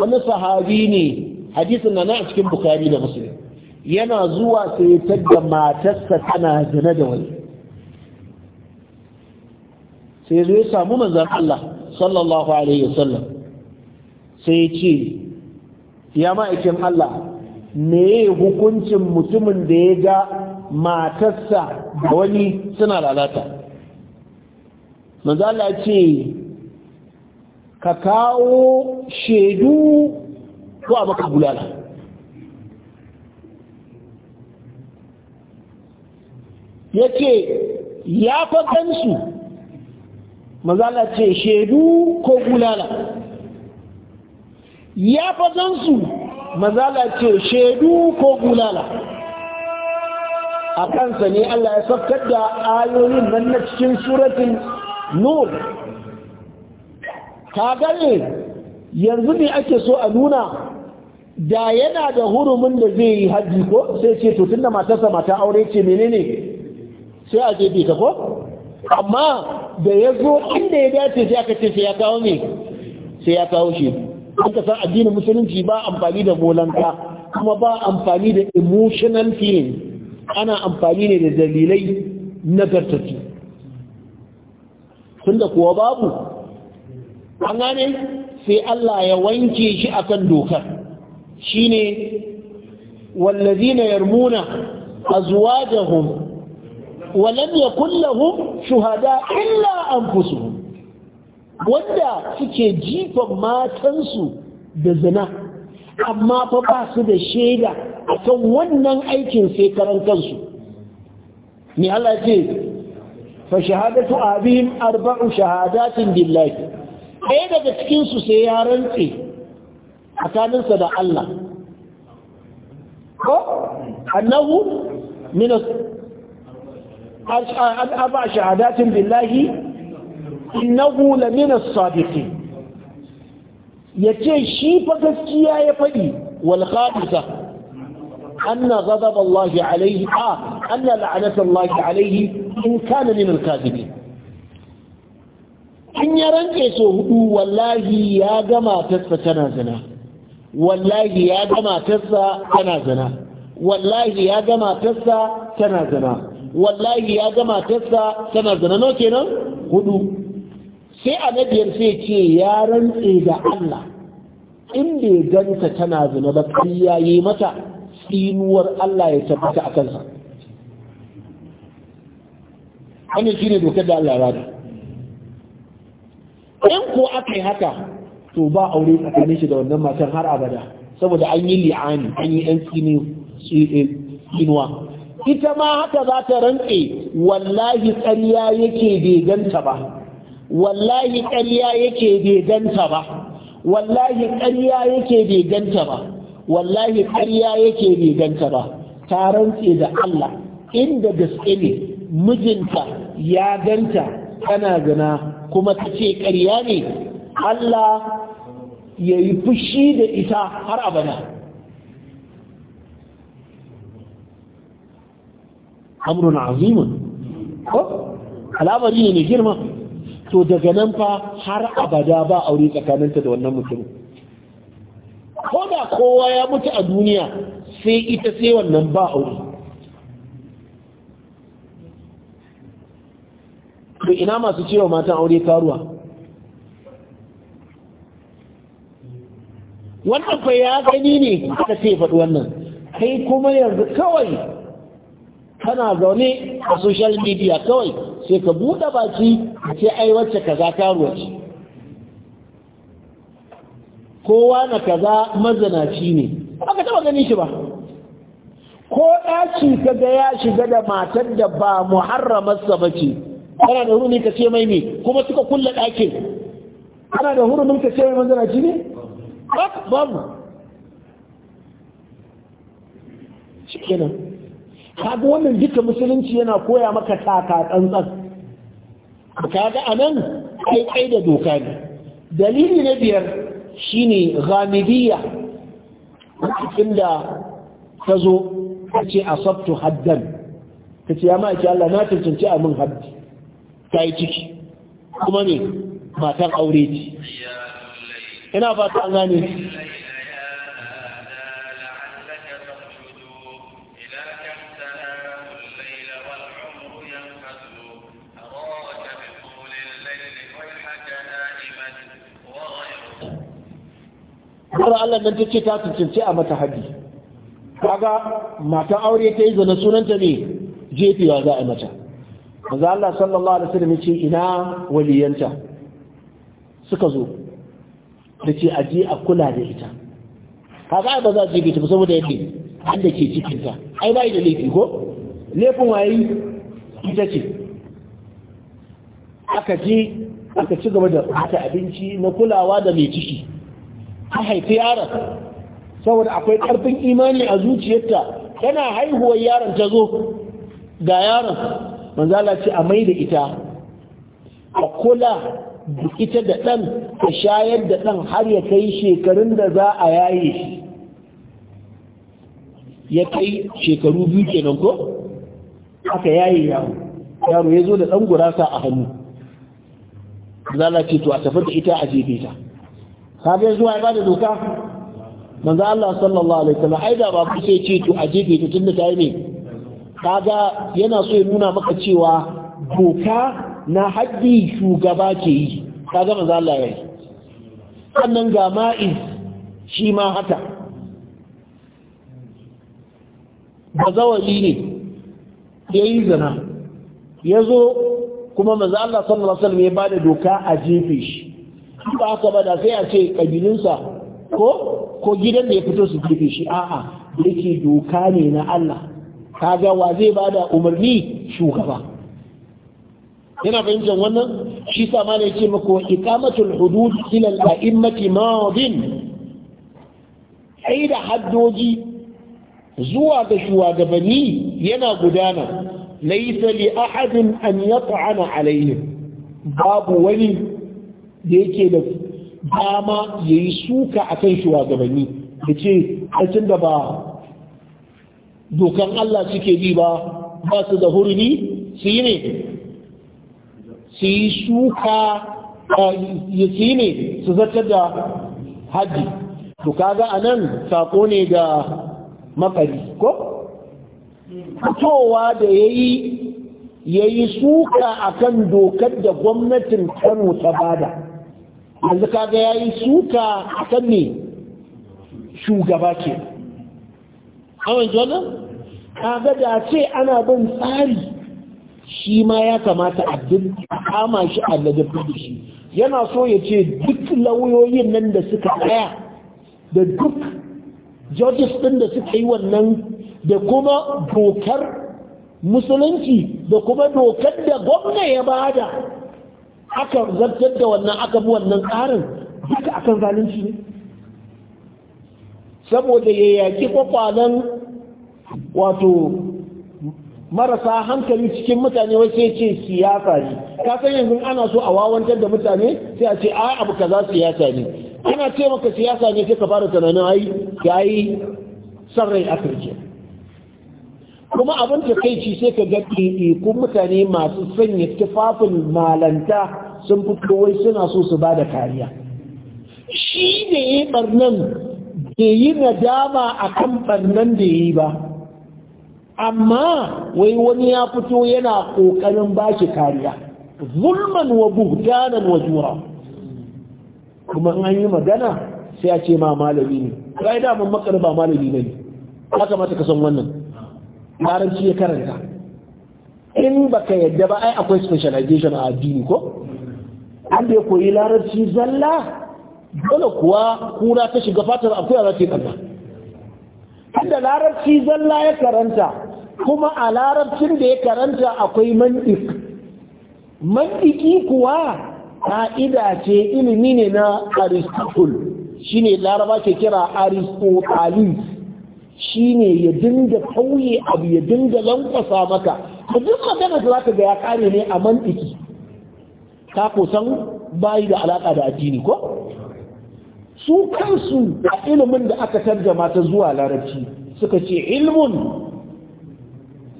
wani sahabi ne hadisin na a cikin bukari da muslim yana zuwa sai ya tadda matarsa tana zina da wani sai zo ya samu manzan Allah sallallahu alaihi wasallam sai ya ce ya ma'aikin Allah me hukuncin mutumin da ya ga matarsa da wani suna lalata manzan Allah ce ka kawo shaidu ko a maka bulala ya ce ya fa gansu mazala ce shaidu ko gulala ya su mazala ce shaidu ko gulala a kansa ne Allah ya saukar da ayoyin nan na cikin suratun nul ta gane yanzu ne ake so a nuna da yana da hurumin da zai yi hajji ko sai ce to tunda matarsa mata aure ce menene sai a jefe ta ko amma da ya zo inda ya dace sai aka ce sai ya kawo me sai ya kawo shi ka san addinin musulunci ba amfani da bolanka kuma ba amfani da emotional feeling ana amfani ne da dalilai na Tun tunda kuwa babu an gane sai Allah ya wanke shi akan dokar shine na yarmuna azwajahum walam yakul lahum shuhada illa anfusuhum wanda suke jifan matansu da zina amma fa ba su da shaida kan wannan aikin sai karan kansu ni Allah ce fa shahadatu abihim arba'u shahadatin billahi ɗaya daga cikin su sai ya rantse tsakaninsa da Allah ko annahu min أبع شهادات بالله إنه لمن الصادقين يتي شي فكسكي يا فدي والخامسة أن غضب الله عليه آه، أن لعنة الله عليه إن كان من الكاذبين إن يرن كيسو والله يا جماعة فتنازنا والله يا جماعة فتنازنا والله يا جماعة فتنازنا wallahi ya ga matarsa tana zina no kenan hudu sai a nabiyar sai ce ya rantse da Allah in ya ganta tana zina ba ya yi mata tsinuwar Allah ya tabbata a kansa wannan shine dokar da Allah ya in ko aka yi haka to ba aure tsakanin shi da wannan matan har abada saboda an yi li'ani an yi yan tsinuwa ita ma haka za ta rantse wallahi ƙarya yake bai ganta ba wallahi ƙarya yake bai ganta ba wallahi ƙarya yake bai ganta ba wallahi ƙarya yake bai ganta ba ta rantse da Allah inda gaske ne mijinta ya ganta tana gana kuma ta ce ƙarya ne Allah ya yi fushi da ita har abada amrun azimun ko al'amari ne mai girma to daga nan fa har abada ba aure tsakaninta da wannan mutum ko da kowa ya mutu a duniya sai ita sai wannan ba aure to ina masu cewa matan aure karuwa wannan fa ya gani ne ka ce faɗi wannan kai kuma yanzu kawai kana zaune a social media kawai sai ka buɗe baki ce ai wacce kaza karuwa ce kowa na kaza mazanaci ne ka taba gani shi ba ko ɗaci ka ga ya shiga da matar da ba muharramarsa ba ce kana da ne ka ce mai ne kuma suka kulle ɗakin kana da huru ka ce mai mazanaci ne babu shi kenan kaga wannan duka musulunci yana koya maka taka tsantsan kaga anan nan, kai da doka ne dalili na biyar shine ghamidiyya inda ta zo ta ce asabtu haddan ta ce ya ma'aiki Allah na cancanci a min haddi ta yi ciki kuma ne matan aure ce ina fata an gane mara Allah nan ce ta tuntunce a mata haji kaga matan aure ta yi zana sunanta ne jefewa za a mata manzo Allah sallallahu alaihi wasallam ce ina waliyanta suka zo da ce a je a kula da ita kaga ai ba za a je ta saboda yadda an da ke cikin ta ai bai da laifi ko laifin waye ita ce aka ji aka ci gaba da wata abinci na kulawa da mai ciki A haifi yaron saboda akwai ƙarfin imani a zuciyarta tana haihuwar yaron ta zo ga yaron manzala ce a mai da ita a kula da ita da ɗan ta shayar da ɗan har ya kai shekarun da za a yaye shi ya kai shekaru biyu kenan ko aka yaye yaro yaro ya zo da ɗan gurasa a hannu zala ce to a tafi da ita a jefe ta kafin zuwa ya bada doka manzo Allah sallallahu alaihi wasallam ai da ba ku sai ce to a jefe ta tunda ta yi ne kaga yana so ya nuna maka cewa doka na haddi shugaba ke yi kaga manzo Allah ya yi sannan ga ma'iz shi ma haka bazawali ne ya yi zana. ya zo kuma manzo Allah sallallahu alaihi wasallam ya bada doka a jefe shi ba aka ba sai a ce ƙabilunsa ko ko gidan da ya fito su girbe shi a'a yake doka ne na Allah kaga wa zai bada umarni shugaba yana fahimtar wannan shi sa ma ne yake muku iqamatul hudud ila al-a'immati madin ai da haddoji zuwa ga shugabanni yana gudana laysa li ahadin an yat'ana alaihim babu wani da yake da dama ya yi suka a kan shugabanni da ce ƙarfin da ba dokan Allah suke bi ba ba su da hurumi su yi ne su yi suka ya su yi ne su zartar da hajji to kaga a nan sako ne ga makari ko? fitowa da ya yi ya yi suka akan dokar da gwamnatin kano ta bada yanzu kaga ya yi suka a kan ne shugaba ke awon jona kaga da ce ana bin tsari shi ma ya kamata a kama shi a da shi yana so ya ce duk lauyoyin nan da suka tsaya da duk judges ɗin da suka yi wannan da kuma dokar musulunci da kuma dokar da gwamna ya bada aka zartar da wannan aka bi wannan tsarin duka akan zalunci ne saboda ya yaki kwakwalen wato marasa hankali cikin mutane wai sai ce siyasa ne ka san yanzu ana so a wawantar da mutane sai a ce a abu za siyasa ne ana ce maka siyasa ne sai ka fara tunanin ai yi a rai afirka kuma abin da kai ci sai ka ga ɗiɗiku mutane masu sanya tufafin malanta sun fi wai suna so su ba da kariya shi ne ya yi ɓarnan da yi nadama a kan ɓarnan da ya yi ba amma wai wani ya fito yana ƙoƙarin ba shi kariya zulman wa buhdanan wa jura kuma in an yi magana sai a ce ma malami ne ra'ida mun makarba malami ne ya kamata ka san wannan larabci ya karanta in baka yadda ba ai akwai specialization a addini ko an ya koyi larabci zalla dole kuwa kura ta shiga fatar akwai za ta yi kalla inda larabci zalla ya karanta kuma a larabcin da ya karanta akwai mandik mandiki kuwa ka'ida ce ilimi ne na aristotle shine laraba ke kira aristotle Shi ne ya dinga kauye abu ya dinga lankwasa maka da duk magana da zaka ga ya kare ne a man iki ka kusan bayi da alaka da addini ko su kansu a ilimin da aka tarjama ta zuwa larabci suka ce ilmun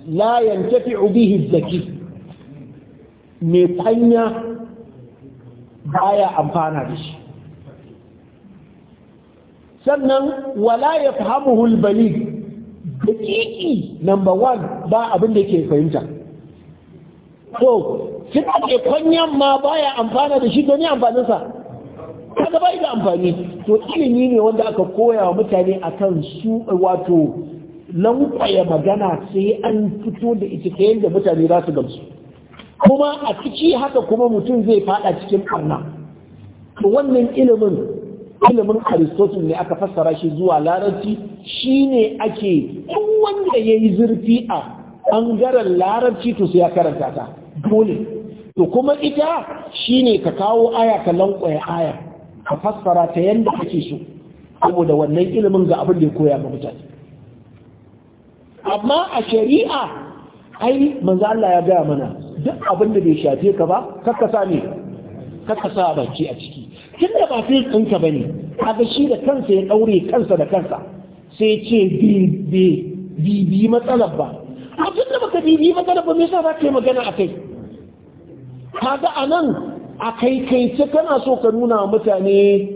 la tafi bihi zaki mai kanya baya amfana da shi sannan wala ya fahimuhu albali da kiki number one ba abin da ke fahimta to kina ke kwanyan ma baya amfana da shi don ni amfaninsa kaga bai da amfani to ilimi ne wanda aka koya wa mutane akan su wato lankwaya magana sai an fito da ita ta yadda mutane za su gamsu kuma a ciki haka kuma mutum zai fada cikin ɓarna to wannan ilimin ilimin aristotle ne aka fassara shi zuwa larabci shine ake duk wanda ya yi zurfi a ɓangaren larabci to sai ya karanta ta dole to kuma ita shine ka kawo aya ka lankwaya aya ka fassara ta yadda ake so saboda wannan ilimin ga abin da ya koya ma mutane amma a shari'a ai manzo Allah ya gaya mana duk abin da bai shafe ka ba kakkasa ne kakkasa baki a ciki tun da ba fi ɗinka ba ne kaga shi da kansa ya ɗaure kansa da kansa sai ce bibi matsalar ba A tun da baka bibi matsalar ba me yasa za ka yi magana a kai kaga a nan a kai kai ce kana so ka nuna mutane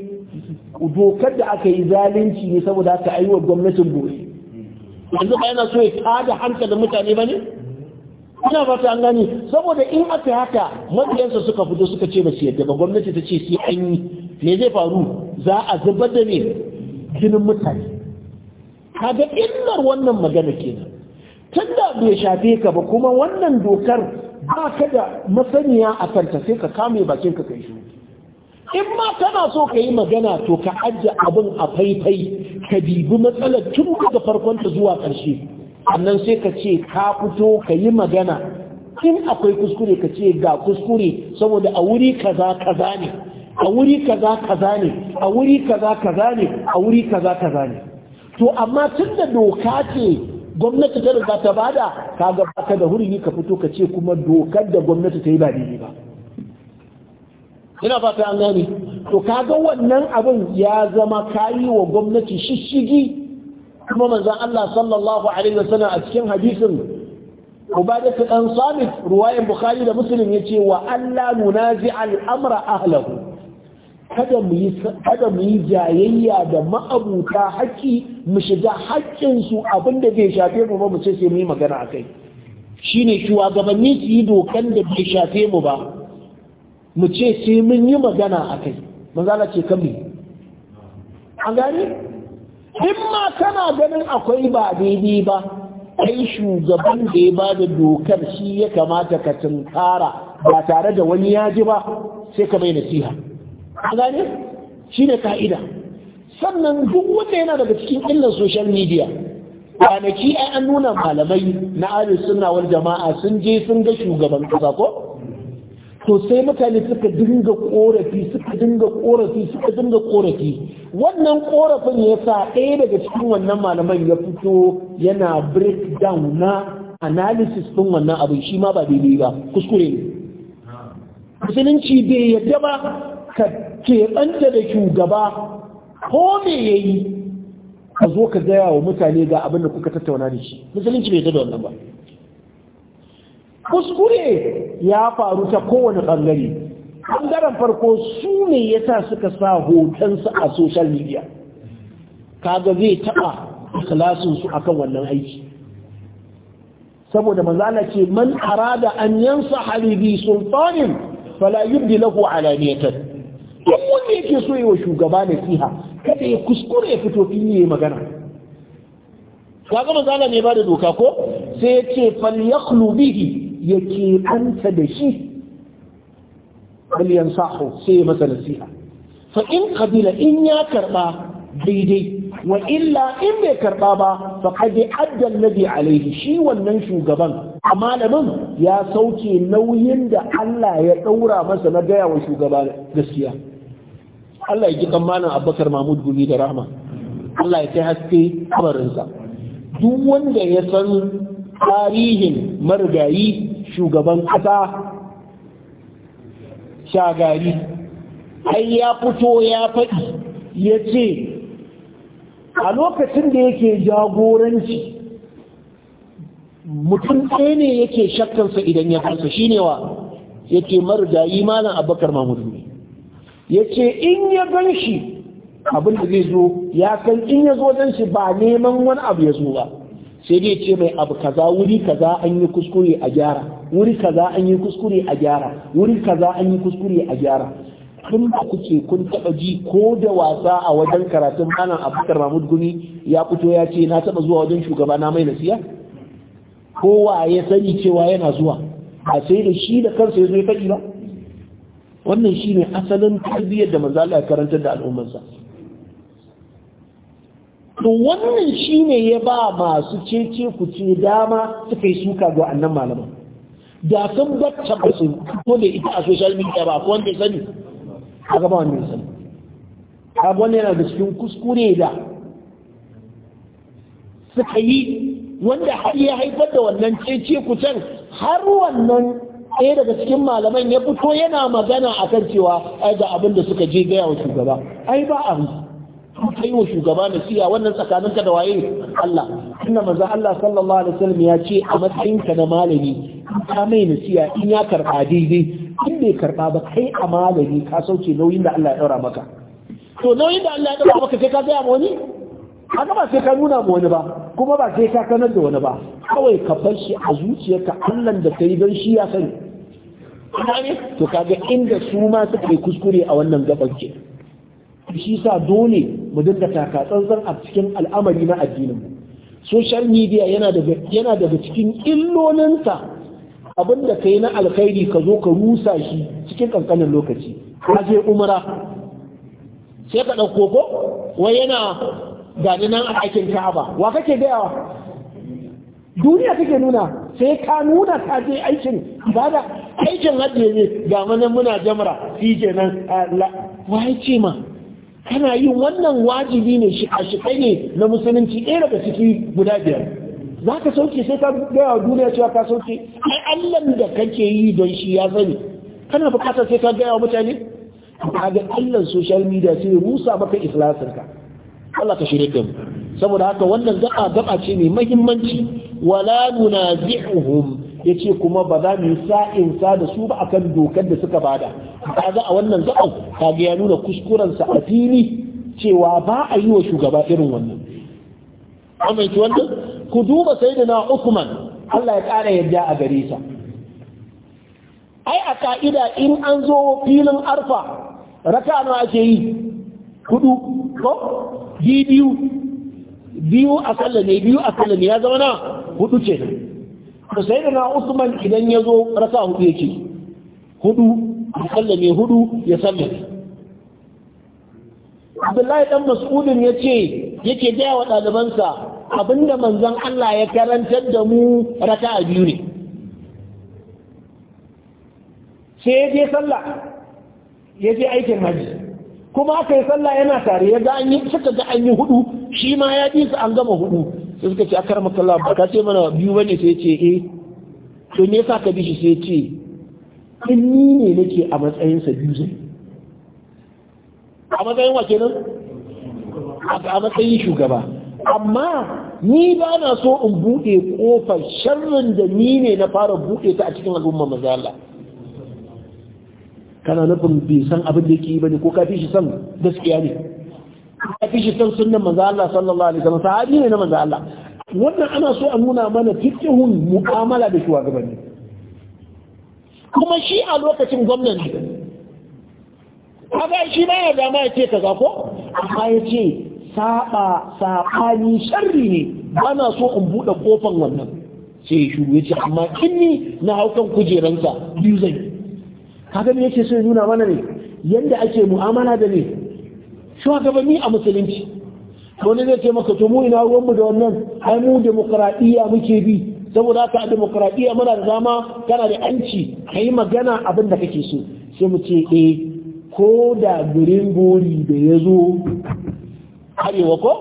dokar da aka yi zalunci ne saboda aka aiwa gwamnatin gobe yanzu ba yana so ya tada hankalin mutane ba ne ina fata an gani saboda in aka haka mabiyansa suka fito suka ce ba su daga gwamnati ta ce sai an yi me zai faru za a zubar da ne jinin mutane kaga illar wannan magana kenan tunda bai shafe ka ba kuma wannan dokar ba ka da masaniya a kanta sai ka kame bakin ka kai shuru in ma kana so ka yi magana to ka ajiye abin a faifai ka bibi matsalar tun daga farkonta zuwa ƙarshe annan sai ka ce ka fito ka yi magana in akwai kuskure ka ce ga kuskure saboda a wuri kaza kaza ne a wuri kaza kaza ne a wuri kaza kaza ne a wuri kaza kaza ne to amma tun da doka ce gwamnati ta riga ta bada ka ga baka da hurumi ka fito ka ce kuma dokar da gwamnati ta yi ba daidai ba ina fata an gane to kaga wannan abin ya zama kayi wa gwamnati shishigi kuma manzon Allah sallallahu alaihi wasallam a cikin hadisin Ubadat dan Samit ruwayan Bukhari da Muslim yace wa allah munazi al-amra ahlahu kada mu yi kada mu yi jayayya da ma'abuta haƙi mu shiga haƙƙin su abinda bai shafe mu ba mu ce sai mu yi magana akai shine shugabanni su yi dokan da bai shafe mu ba mu ce sai mun yi magana akai manzo ce kan an gane in ma kana ganin akwai ba daidai ba kai shugaban da ya bada dokar shi ya kamata ka tunkara ba tare da wani ya ji ba sai ka mai nasiha an gane shi ne ka'ida sannan duk wanda yana daga cikin illar social media kwanaki ai an nuna malamai na alisunna wal jama'a sun je sun ga shugaban kasa ko to sai mutane suka dinga korafi suka dinga korafi suka dinga korafi wannan korafin ya sa ɗaya daga cikin wannan malaman ya fito yana breakdown na analysis ɗin wannan abin shi ma ba daidai ba kuskure ne musulunci bai yadda ba ka keɓanta da shugaba ko me ya yi ka zo ka gaya wa mutane ga abin da kuka tattauna da shi musulunci bai yadda da wannan ba kuskure ya faru ta kowane ɓangare ɓangaren farko su ne ya sa suka sa hotonsu a social media kaga zai taɓa ikilasinsu a kan wannan aiki saboda Manzana ce man arada an yansa halibi sultanin fala yubdi lahu alaniyatar duk wanda yake so yi wa shugaba nasiha kada ya kuskure ya fito fili ya magana kaga Zana ne ba da doka ko sai ya ce bihi ya anta da shi sahu sai ya masa nasiha fa in kabila in ya karɓa daidai wa illa in bai karɓa ba fa kaje addan nabi alaihi shi wannan shugaban a malamin ya sauke nauyin da Allah ya ɗaura masa na gaya wa shugaba gaskiya Allah ya ji tsammanin abubakar mahmud gumi da rahma Allah ya kai haske kabarinsa duk wanda ya san tarihin marigayi shugaban ƙasa shagari ai ya fito ya faɗi ya ce a lokacin da yake jagoranci mutum ɗaya ne yake shakkansa idan ya harsa shi ne wa ya ce marigayi malam abakar mamudu ne ya ce in ya gan shi abin zai zo ya kan in ya zo don shi ba neman wani abu ya zo ba sai dai ce mai abu kaza wuri kaza an yi kuskure a gyara wuri kaza an yi kuskure a gyara wuri kaza an yi kuskure a gyara kun da kuke kun taba ji ko da wasa a wajen karatun malam abubakar mahmud gumi ya fito ya ce na taba zuwa wajen shugaba na mai nasiya kowa ya sani cewa yana zuwa a sai da shi da kansa ya zo ya faɗi ba wannan shine asalin tarbiyyar da manzo Allah ya karantar da al'ummarsa to wannan shi ne ya ba masu cece ku ce dama suka yi suka ga annan malaman da sun bacca ba su ko da ita a social media ba ko wanda ya sani a gaba wanda ya sani a wanda yana da cikin kuskure da suka yi wanda har ya haifar da wannan cece ku can har wannan ɗaya daga cikin malaman ya fito yana magana a kan cewa ai ga abin da suka je gaya wa shugaba ai ba a kai wa shugaba siya wannan tsakaninka da waye Allah inna manzo Allah sallallahu alaihi wasallam ya ce a matsayinka na malami ka mai nasiha in ya karba daidai in bai karba ba kai a malami ka sauke nauyin da Allah ya daura maka to nauyin da Allah ya daura maka sai ka ga wani haka ba sai ka nuna ma wani ba kuma ba sai ka kanar da wani ba kawai ka bar shi a zuciyarka Allah da kai don shi ya sani to kaga inda su ma suka yi kuskure a wannan gaban ke shi sa dole mu dinga taka tsantsan a cikin al'amari na addinin mu social media yana daga yana daga cikin illolinsa abin da kai na alkhairi ka zo ka rusa shi cikin kankanin lokaci ka je umra sai ka ɗauko ko wai yana gani nan a aikin ka'aba wa kake gayawa duniya kake nuna sai ka nuna ka je aikin ibada aikin hajji ne ga manan muna jamra fi kenan wa ya ce ma kana yin wannan wajibi ne shi a ne na musulunci ɗaya daga ciki guda biyar za ka sauke sai ka gaya wa duniya cewa ka sauke ai allan da kake yi don shi ya sani kana bukatar sai ka gaya wa mutane ga allan social media sai rusa maka islasinka Allah ka shirye da mu saboda haka wannan gaba gaba ce mai muhimmanci wala nunazi'uhum ya ce kuma ba za mu yi sa'insa da su ba akan dokar da suka bada Ba za a wannan zaɓen kaga ya nuna kuskurensa a fili cewa ba a yi wa shugaba irin wannan ki wannan ku duba sayyidina na allah ya ƙara yarda a gare sa ai a ka'ida in an zo filin arfa raka nawa ake yi hudu ko biyu biyu a sallah ne biyu a sallah ne ya zama na hudu ce to sai da na Usman idan ya zo raka hudu yake hudu ya mai hudu ya sami. Abdullahi dan Mas'udin ya ce yake daya wa ɗalibansa abinda manzon Allah ya karantar da mu raka a biyu ne sai ya je sallah ya je aikin hajji kuma aka yi sallah yana tare ya ga an yi suka ga an yi hudu shi ma ya ji an gama hudu sai suka ce akar makalla ba ka ce mana biyu bane sai ce eh to me yasa ka bi shi sai ce in ni ne nake a matsayinsa biyu zai a matsayin wa kenan a matsayin shugaba amma ni ba na so in buɗe kofar sharrin da ni ne na fara buɗe ta a cikin al'umma maza kana nufin bai san abin da yake yi bane ko ka fi shi san gaskiya ne ya fi shi san sunnan maza Allah sallallahu alaihi wasallam sahabi ne na maza Allah wannan ana so a nuna mana cikin mu'amala da shugabanni kuma shi a lokacin gwamnati kaga shi ba ya dama ya ce kaza ko amma ya ce saba sabani sharri ne bana so in buɗe kofan wannan sai shi ya ce amma kinni na haukan kujeransa biyu zai kaga me yake so ya nuna mana ne yanda ake mu'amala da ne shugabanni a musulunci wani zai ce maka to mu ina mu da wannan ai mu muke bi saboda ka a muna da dama kana da yanci kai magana abin da kake so sai mu ce eh ko da birin gori da ya zo arewa ko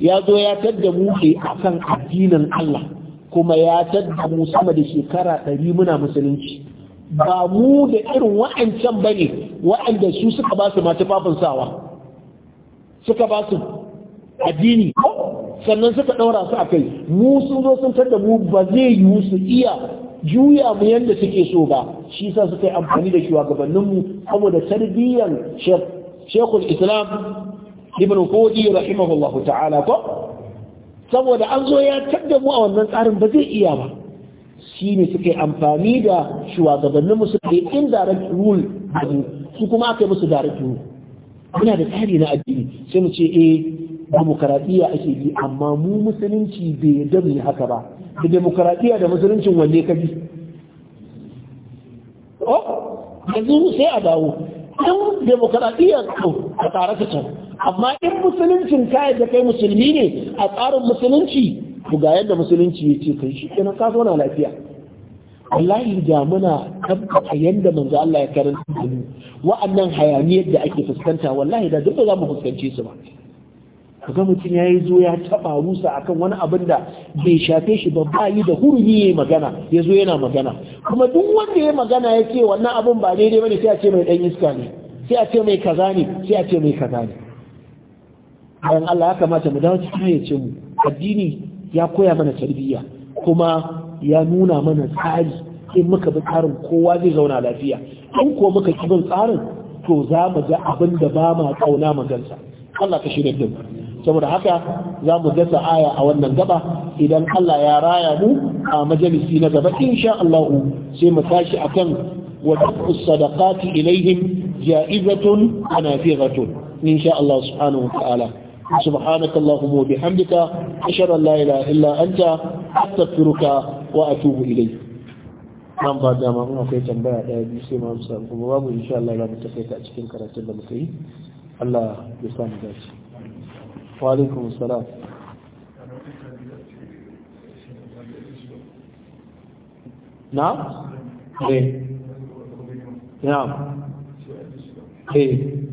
ya zo ya tadda mu ke akan addinin Allah kuma ya tadda mu sama da shekara ɗari muna musulunci ba mu da irin wa'ancan bane wa'anda su suka ba su ma sawa suka ba su addini sannan suka ɗaura su a kai mu sun zo sun da mu ba zai yiwu su iya juya mu yadda suke so ba shi sa suka yi amfani da shugabanninmu saboda tarbiyyar shekul islam ibn kodi rahimahullahu ta'ala ko saboda an zo ya da mu a wannan tsarin ba zai iya ba shi ne suka yi amfani da shugabanninmu suka yi indirect rule su kuma aka yi musu direct rule muna da tsari na addini sai mu ce eh demokaradiyya ake bi amma mu musulunci bai yarda mu haka ba da demokaradiyya da musuluncin wanne ka bi oh yanzu sai a dawo in demokaradiyya kau a tsare ta can amma in musuluncin ka yadda kai musulmi ne a tsarin musulunci ga yadda musulunci ya ce kai shi kenan ka zo na lafiya wallahi da muna tabbata yanda manzo Allah ya karanta mu wa'annan hayaniyar da ake fuskanta wallahi da duk ba za fuskance su ba kaga mutum yayi zo ya taba rusa akan wani abin da bai shafe shi ba ba yi da hurumi yayi magana ya zo yana magana kuma duk wanda ya magana ya ce wannan abin ba daidai bane sai a ce mai dan iska ne sai a ce mai kaza ne sai a ce mai kaza ne bayan Allah ya kamata mu dawo cikin ya ce mu addini ya koya mana tarbiyya kuma ya nuna mana tsari in muka bi tsarin kowa zai zauna lafiya in ko muka ki bin tsarin to za mu ga abin da ba ma kauna magansa Allah ta shirya din saboda haka za mu gasa aya a wannan gaba idan Allah ya raya mu a majalisi na gaba insha Allah sai mu tashi akan ودفع الصدقات إليهم جائزة ونافذة إن شاء الله wa ta'ala. سبحانك اللهم وبحمدك أشهد أن لا إله إلا أنت أستغفرك وأتوب إليك nan ba dama muna kai tambaya ɗaya biyu sai ma amsa kuma babu insha Allah za mu tafi ta a cikin karatun da muka yi Allah ya sa mu dace wa alaikum assalam na eh na eh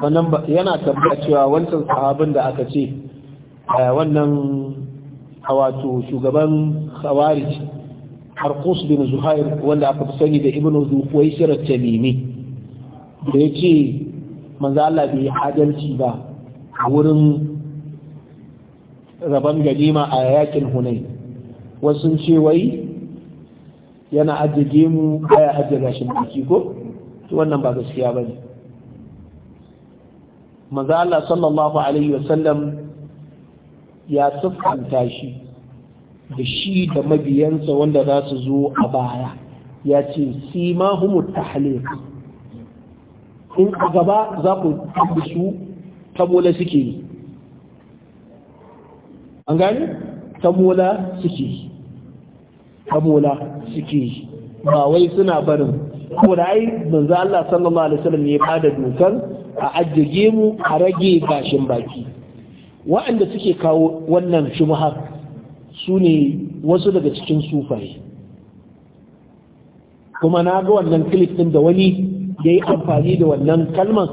wannan yana tabbata cewa wancan sahabin da aka ce eh, wannan wato shugaban khawarij harkus bin zuhair wanda aka fi sani da ibnu zuhair tamimi da ya ce manzo Allah bai adalci ba a wurin rabon ganima a yakin hunai wasu ce wai yana ajiye mu baya ajiye gashin baki ko wannan ba gaskiya bane manzo Allah sallallahu alaihi wasallam ya tsufanta shi da shi da mabiyansa wanda za su zo a baya ya ce sima humu tahliq in a gaba za ku su tabola suke yi an gani tabola suke yi tabola suke yi ba wai suna barin ko da ai manzo Allah sallallahu alaihi wasallam ya bada dokar a ajjage mu a rage gashin baki waɗanda suke kawo wannan shubha su ne wasu daga cikin sufaye kuma na ga wannan clip ɗin da wani ya yi amfani da wannan kalmar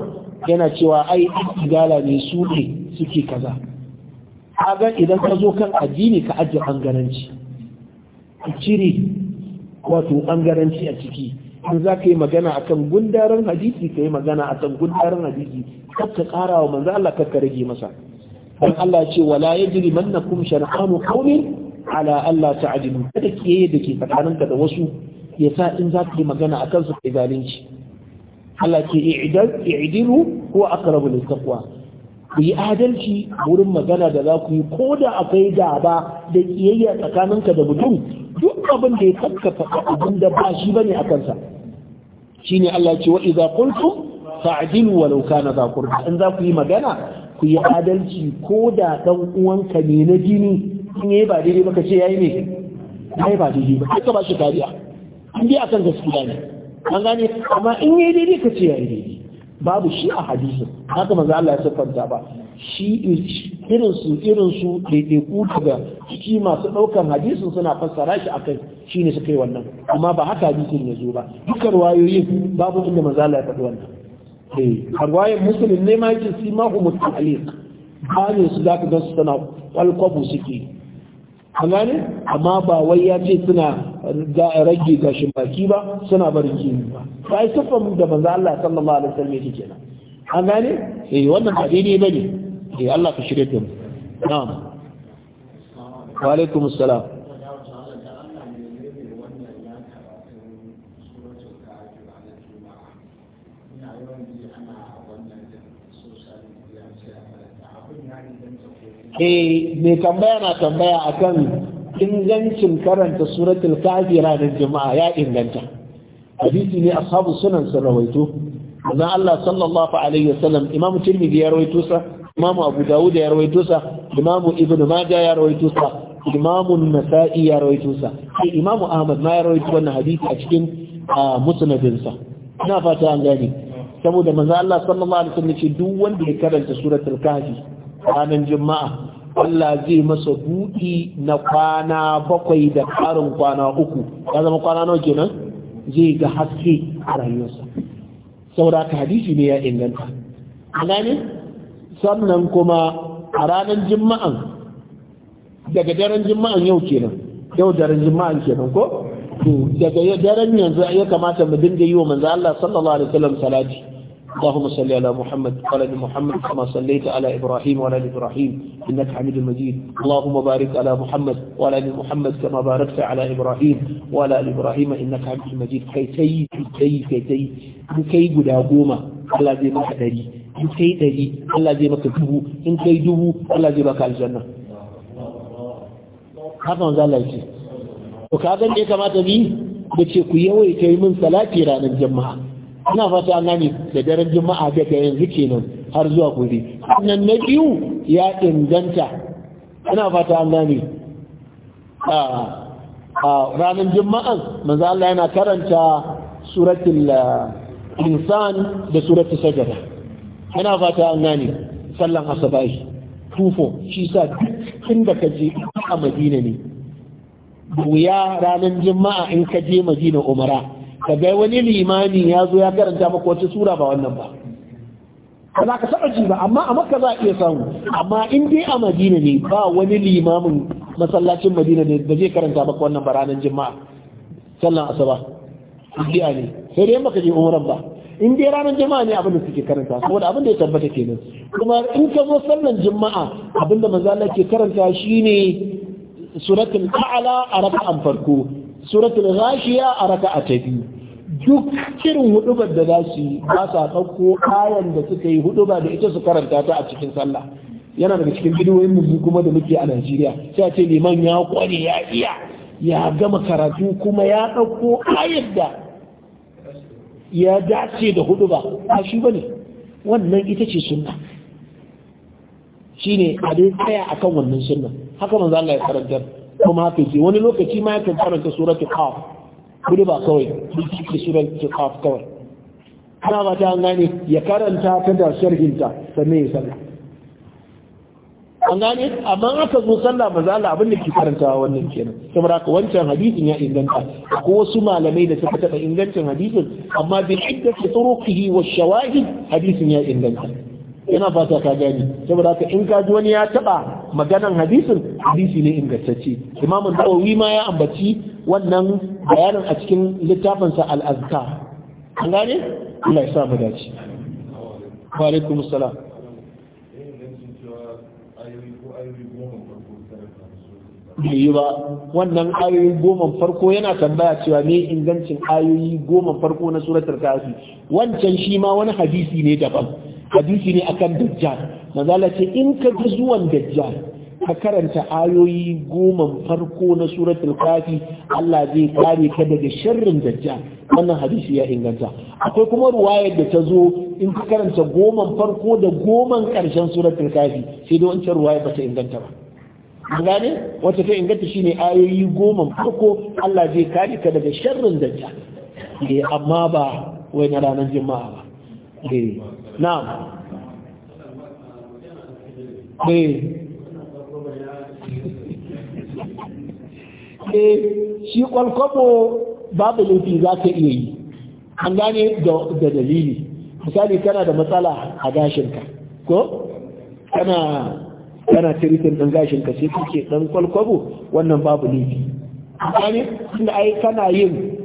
yana cewa ai igala ne su ne suke kaza ga idan ka zo kan addini ka ajiye ɓangaranci ka cire wato ɓangaranci a ciki in za ka yi magana akan gundarin hadisi ka yi magana akan gundarin hadisi kar ka ƙara wa manzo Allah kar ka rage masa dan Allah ce wala yajri mannakum shar'anu qawmin ala Allah ta'dilu kada kiyaye da ke tsakaninka da wasu yasa in za ka yi magana akan su kai zalunci Allah ce i'dilu ko aqrabu lit taqwa ku yi adalci wurin magana da za ku yi ko da akwai gaba da kiyayya tsakaninka da mutum duk abin da ya kakkafa abin da ba shi bane a kansa shine Allah ce wa idza qultum fa'dilu wa kana za qurba in za ku yi magana ku yi adalci ko da dan uwanka ne na jini in yi ba daidai baka ce ya yayi ne yi ba daidai ba ka ba shi kariya in a kan gaskiya ne an gane amma in yi daidai ka ce ya yi daidai babu shi a hadisin haka manzo Allah ya siffanta ba shi irinsu irinsu ku daga ciki masu ɗaukar hadisun suna fassara shi akan shi ne suka yi wannan amma ba haka hadisun ya zo ba dukkan wayoyi babu inda mazala ya faɗi wannan eh, har wayan musulun ne ma yake si ma umar ta'aliq bayan su za ka gan su tana kwalkwabo suke an gane amma ba wai ya ce suna rage gashin baki ba suna barin kini ba ba yi siffan da manzo Allah sallallahu alaihi wasallam yake kenan an gane eh wannan ba daidai bane eh Allah ka shirye da mu na'am wa alaikum assalam eh mai tambaya na tambaya akan ingancin karanta suratul kafi da jama'a ya inganta hadisi ne ashabu sunan sun rawaito manzon Allah sallallahu alaihi wasallam imam tirmidhi ya rawaito sa imamu abu dawud ya rawaito sa imamu ibn majah ya rawaito sa imamu nasa'i ya rawaito sa sai imamu ahmad ma ya rawaito wannan hadisi a cikin musnadin sa ina fata an gane saboda manzo Allah sallallahu alaihi wasallam ce duk wanda ya karanta suratul kahfi ranar juma'a Allah zai masa buɗi na kwana bakwai da karin kwana uku ya zama kwana nawa kenan zai ga haske a rayuwarsa saboda hadisi ne ya inganta a ne? sannan kuma a ranar jima'an daga daren jima'an yau kenan yau daren jima'an kenan ko daga daren yanzu ya kamata mu dinga yi wa manzo Allah sallallahu alaihi wasallam salati اللهم صل على محمد وعلى محمد كما صليت على ابراهيم وعلى ابراهيم انك حميد مجيد اللهم بارك على محمد وعلى محمد كما باركت على ابراهيم وعلى ابراهيم انك حميد مجيد كي تي كي كي غدا 10 Allah zai maka in kai ɗari Allah zai maka dubu in kai dubu Allah zai maka aljanna haka wanzu Allah ce to ka gan ya kamata bi da ce ku yawaita yi min salati ranar jama'a ina fata an gane da daren jama'a daga yanzu kenan har zuwa gobe sannan na biyu ya inganta ina fata an gane a ranar jama'an manzo Allah yana karanta suratul ah, insan da suratul sajada yana fata an gane sallan shi tufo shi sa tun da ka je a madina ne wuya ranar juma'a in ka je madina umara ka ga wani limani ya zo ya karanta maka wata sura ba wannan ba ba za ka taɓa ji ba amma a makka za a iya samu amma in dai a madina ne ba wani limamin masallacin madina ne da zai karanta maka wannan ba ranar juma'a sallan asuba bid'a ne sai dai maka je umran ba in dai ranar jama'a ne abin da suke karanta saboda abin da ya tabbata kenan kuma in ka zo sallan jama'a abin da manzo Allah ke karanta shine suratul a'la a raka'an farko suratul ghashiya a raka'a ta biyu duk kirin hudubar da za su yi ba sa ɗauko ayan da suka yi huduba da ita su karanta ta a cikin sallah yana daga cikin bidiyoyin mu kuma da muke a Najeriya sai a ce liman ya kware ya iya ya gama karatu kuma ya ɗauko ayar ya dace da hudu ba a shi bane wannan ita ce Shi ne a dai tsaya kan wannan suna haka manzo Allah ya karanta kuma haka ce wani lokaci ma yakan karanta suratul qaf hudu ba kawai duk suratul qaf kawai ana ba ta gane ya karanta ta da sharhinta sannan ya sallah an gane amma aka zo sallah maza Allah abin da ke karantawa wannan kenan saboda haka wancan hadisin ya inganta ko wasu malamai da suka taɓa ingancin hadisin amma bil iddati turuqihi wa shawahid hadisin ya inganta yana fata ka gani saboda haka in ka ji wani ya taɓa maganan hadisin hadisi ne ingantacce imamu nawawi ma ya ambaci wannan bayanin a cikin littafinsa al-azkar an gane Allah ya sa mu dace wa alaikumus salam bai yi ba wannan ayoyi goma farko yana tambaya cewa me ingancin ayoyi goma farko na suratul kafi wancan shi ma wani hadisi ne daban hadisi ne akan dajjal manzala ce in ka ga zuwan dajjal ka karanta ayoyi goma farko na suratul kafi Allah zai kare ka daga sharrin dajjal wannan hadisi ya inganta akwai kuma ruwayar da ta zo in ka karanta goma farko da goman karshen suratul kafi sai da wancan ruwaya ba ta inganta ba gane wata ta inganta shine ayoyi goma farko Allah zai kare ka daga sharrin dajja eh amma ba wai na ranar juma'a ba eh na'am eh eh shi kwalkwabo babu laifi za ka iya yi an gane da dalili misali kana da matsala a gashinka ko kana kana tiritin ɗan gashin ka sai kake ɗan kwalkwabo wannan babu laifi kane tunda ai kana yin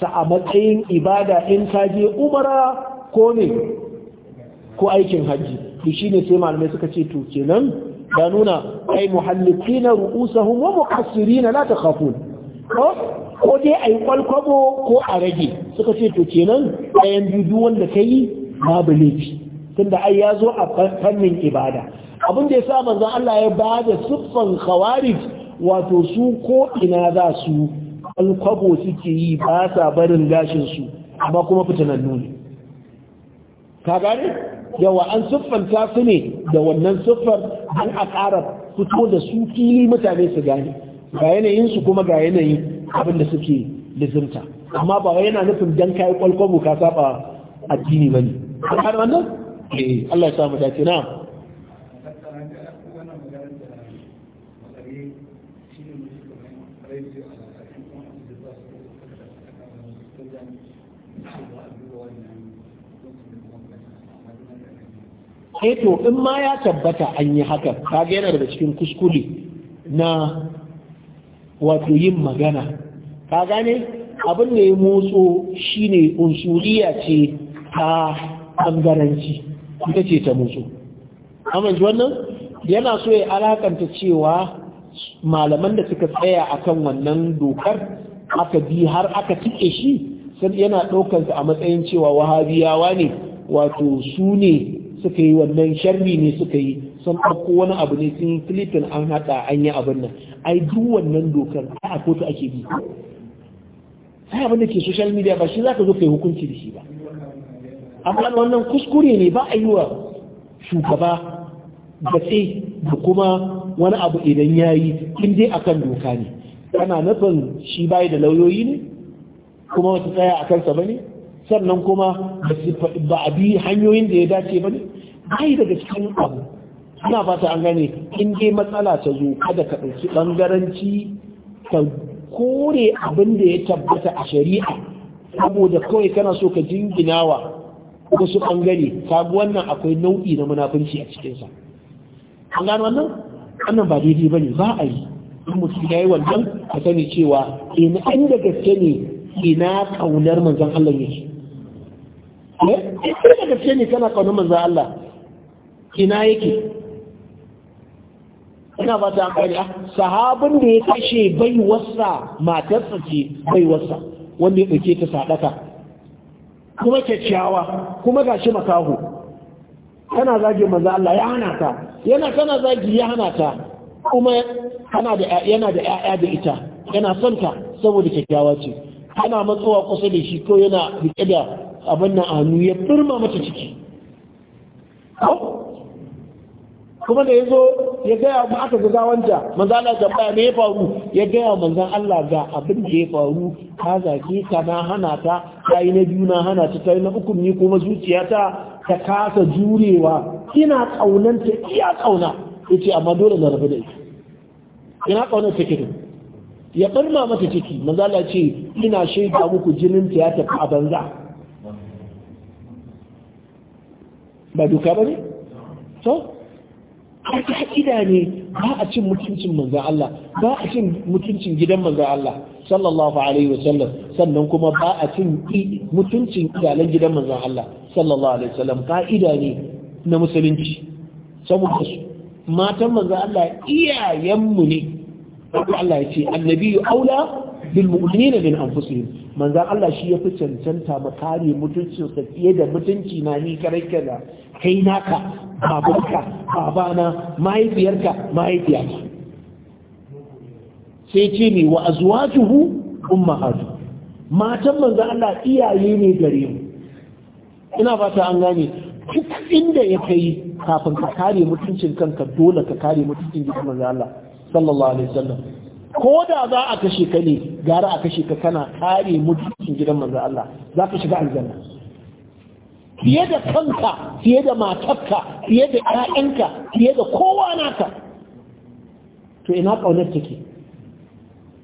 sa a matsayin ibada in ka je umara ko ne ko aikin hajji to shine sai malamai suka ce to kenan ya nuna ai muhallikina ru'usahum wa muqassirina la takhafun ko ko dai ai kwalkwabo ko a rage suka ce to kenan ɗayan biyu wanda kai babu laifi tunda ai ya zo a fannin ibada abin da ya sa manzon Allah ya ba da siffan khawarij wato su ko ina za su kwabo suke yi ba sa barin gashin su amma kuma fitanan nuni ka gane yawa an siffanta su ne da wannan siffar an a fito da su fili mutane su gane ga yanayin su kuma ga yanayin abin da suke lizimta amma ba wai yana nufin dan kai kwalkwabo ka saba addini bane har wannan eh Allah ya samu dace na sai eh to in ma ya tabbata an yi haka kaga yana daga cikin kuskure na wato yin magana ka gane abin da ya motso shine unsuriya ce ta ɓangaranci ita ce ta motso amince wannan yana so ya alakanta cewa malaman da suka tsaya a kan wannan dokar aka bi har aka tike shi sun yana ɗaukansa a matsayin cewa wahabiyawa ne wato su ne suka yi wannan sharri ne suka yi sun ɗauko wani abu ne sun filifin an haɗa an yi abin nan ai duk wannan dokar a kotu ake bi sai abin da ke social media ba shi za ka zo kai hukunci da shi ba amma wannan kuskure ne ba a yi wa shugaba batse da kuma wani abu idan ya yi in dai akan doka ne kana nufin shi bai da lauyoyi ne kuma wata tsaya a kansa ba ne sannan kuma ba a bi hanyoyin da ya dace ba ne ai daga cikin abu ana ta an gane in dai matsala ta zo kada ka ɗauki ɓangaranci ka kore abin da ya tabbata a shari'a saboda kawai kana so ka jinginawa wasu ɓangare kaga wannan akwai nau'i na munafunci a cikinsa an gano wannan wannan ba daidai ba ne ba a yi in mutum ya yi wannan ka sani cewa in eh, inda da gaske ne ina kaunar manzon Allah yake eh, eh da gaske ne kana kaunar Allah ina yake ina ba ta amfani ah, sahabin da ya kashe baiwarsa matarsa ce baiwarsa wanda ya ɗauke ta sadaka kuma kyakkyawa kuma gashi makaho kana zagi manzo Allah ya hana ta yana tana zagi ya hana ta kuma yana da ‘ya'ya da ita yana son ta saboda kyakkyawa ce ana matsowa kusa da shi ko yana rike da abin nan hannu ya firma mata ciki kuma da ya zo ya gaya ma aka ga gawanta manzan Allah tambaya me ya faru ya gaya manzan Allah ga abin da ya faru ka zaki ka na hana ta ta yi na biyu na hana ta ta yi na uku ni kuma zuciyata ta kasa jurewa ina ta iya kauna yace amma dole na rabu da ita ina kaunar ta kike ya barma mata ciki manzan Allah ce ina shaida muku jinin ta ya tafi a banza ba duka ba ne? to a ka'ida ne ba a cin mutuncin manzan Allah ba a cin mutuncin gidan manzan Allah sallallahu alaihi wasallam sannan kuma ba a cin mutuncin iyalan gidan manzan Allah sallallahu alaihi wasallam ka'ida ne na musulunci saboda su matan manzan Allah iyayenmu ne Allah ya ce annabi aula bil mu'minina min anfusihim manzan Allah shi ya fi cancanta mu kare mutuncinsa fiye da mutunci na ni kare kaza kai naka babanka babana mahaifiyarka mahaifiyarka sai ce ne wa azwajuhu ummahatu matan manzan Allah iyaye ne gare mu ina fata an gane duk inda ya kai kafin ka kare mutuncin kanka dole ka kare mutuncin gidan manzan Allah sallallahu alaihi wasallam ko da za a kashe ka ne gara a kashe ka kana kare mutuncin gidan manzo Allah za ka shiga aljanna fiye da kanka fiye da matarka fiye da ƴaƴanka fiye da kowa naka to ina kaunar take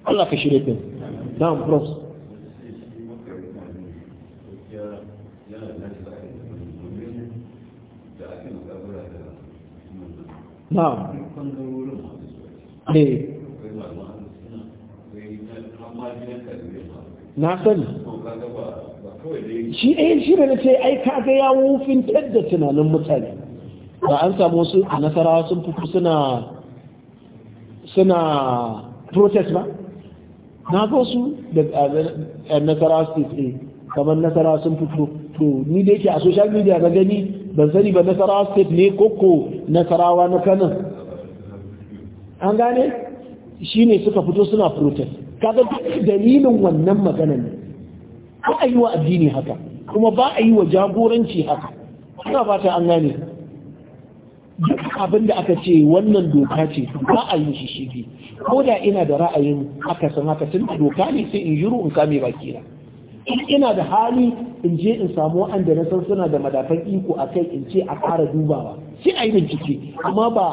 Allah ka shirye din na'am cross na'am eh. na sani shi ɗaya eh, shi da na ce ai kaga ya wufin tadda tunanin mutane ba an samu wasu a nasarawa sun fito suna suna protest ba na ga wasu da nasarawa su a eh, kamar nasarawa sun fito to ni da yake a social media na gani ban sani ba nasarawa state ne koko nasarawa na kanan an gane shi ne suka fito suna protest kaga dalilin wannan maganan ne ba a yi wa addini haka kuma ba a yi wa jagoranci haka ina fata an gane duk abin da aka ce wannan doka ce ba a yi shi shi ko da ina da ra'ayin haka san haka tun da doka ne sai in jiro in kame baki na in ina da hali in je in samu wanda na nasan suna da madafan iko a kai in ce a ƙara dubawa sai a yi bincike amma ba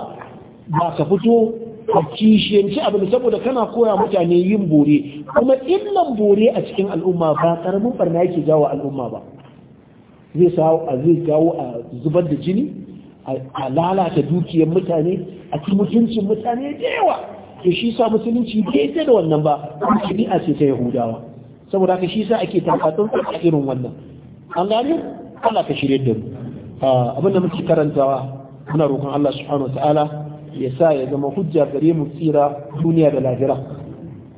ba ka fito A kishiyanci abin saboda kana koya mutane yin bore kuma illan bore a cikin al'umma ba karamin barna yake jawo al'umma ba zai zai jawo a zubar da jini a lalata dukiyar mutane a ci mutuncin mutane da yawa ke shi sa musulunci daidai da wannan ba kuma ce ta yahudawa saboda haka shi sa ake takatun a irin wannan an gane Allah ka shirye da mu ah, abinda muke karantawa muna roƙon Allah subhanahu wa ta'ala ya sa ya zama hujja gare mu tsira duniya da lahira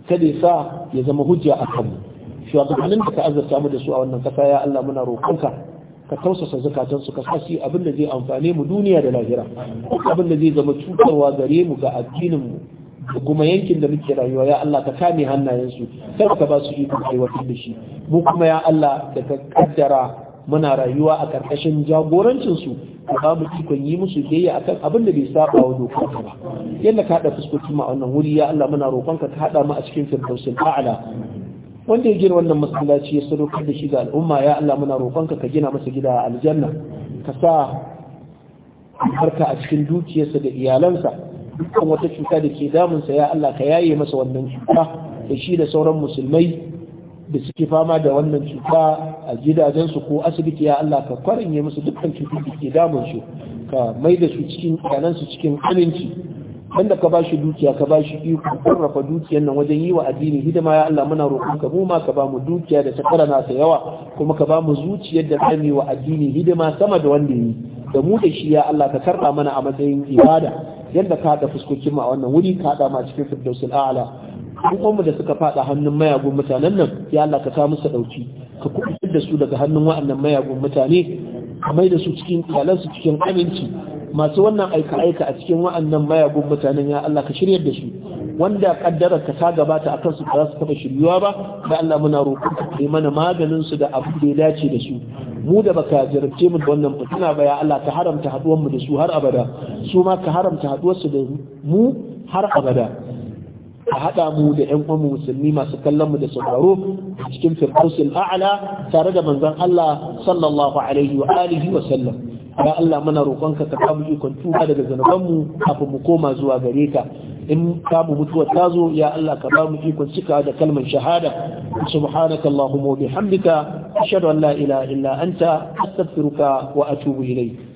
kada ya sa ya zama hujja a kanmu shugabannin da ka azurta mu da su a wannan kasa ya Allah muna roƙonka ka tausasa su ka sasi abin da zai amfane mu duniya da lahira abin da zai zama cutarwa gare mu ga addinin mu da kuma yankin da muke rayuwa ya Allah ka kame hannayensu kar ka ba su iko aiwatar da shi mu kuma ya Allah da ka kaddara muna rayuwa a ƙarƙashin jagorancinsu da ba mu cikon yi musu biyayya akan abin da bai saba wa dokar ba yadda ka haɗa fuskoki ma wannan wuri ya Allah muna roƙonka ka haɗa mu a cikin firdausin a'ala wanda ya gina wannan masallaci ya sadaukar da shi ga al'umma ya Allah muna roƙonka ka gina masa gida a aljanna ka sa barka a cikin dukiyarsa da iyalansa dukkan wata cuta da ke damunsa ya Allah ka yaye masa wannan cuta da shi da sauran musulmai da suke fama da wannan cuta a gidajensu ko asibiti ya Allah ka yi musu dukkan cutar da ke damun su ka mai da su cikin su cikin aminci wanda ka shi dukiya ka bashi iko sarrafa dukiyan nan wajen yi wa addini hidima ya Allah muna roƙon ka mu ma ka bamu dukiya da ta na ta yawa kuma ka bamu zuciyar da zamu yi wa addini hidima sama da wanda yi da mu da shi ya Allah ka karɓa mana a matsayin ibada yadda ka haɗa fuskokin mu a wannan wuri ka haɗa ma cikin firdausul a'la an mu da suka fada hannun mayagun mutanen nan ya Allah ka sa musu dauki ka kubutar da su daga hannun wa'annan mayagun mutane ka mai da su cikin iyalansu cikin aminci masu wannan aika-aika a cikin wa'annan mayagun mutanen ya Allah ka shiryar da su wanda kaddara ka ta gabata a kansu ba za su taɓa shiryuwa ba da Allah muna roƙon ka kai mana maganin su da abu da ya dace da su mu da baka jarabce mu da wannan fitina ba ya Allah ka haramta haduwar mu da su har abada su ma ka haramta haduwar su da mu har abada a haɗa mu da ‘yan uwan musulmi masu kallon mu da sauraro a cikin firdausul a'la tare da manzon Allah sallallahu alaihi wa alihi wa sallam ya Allah muna roƙonka ka kamu ikon tuba daga zanubanmu kafin mu koma zuwa gare ka in kamu mutuwar ta zo ya Allah ka bamu ikon cika da kalmar shahada subhanaka allahumma wa bihamdika ashhadu an la ilaha illa anta astaghfiruka wa atubu ilayk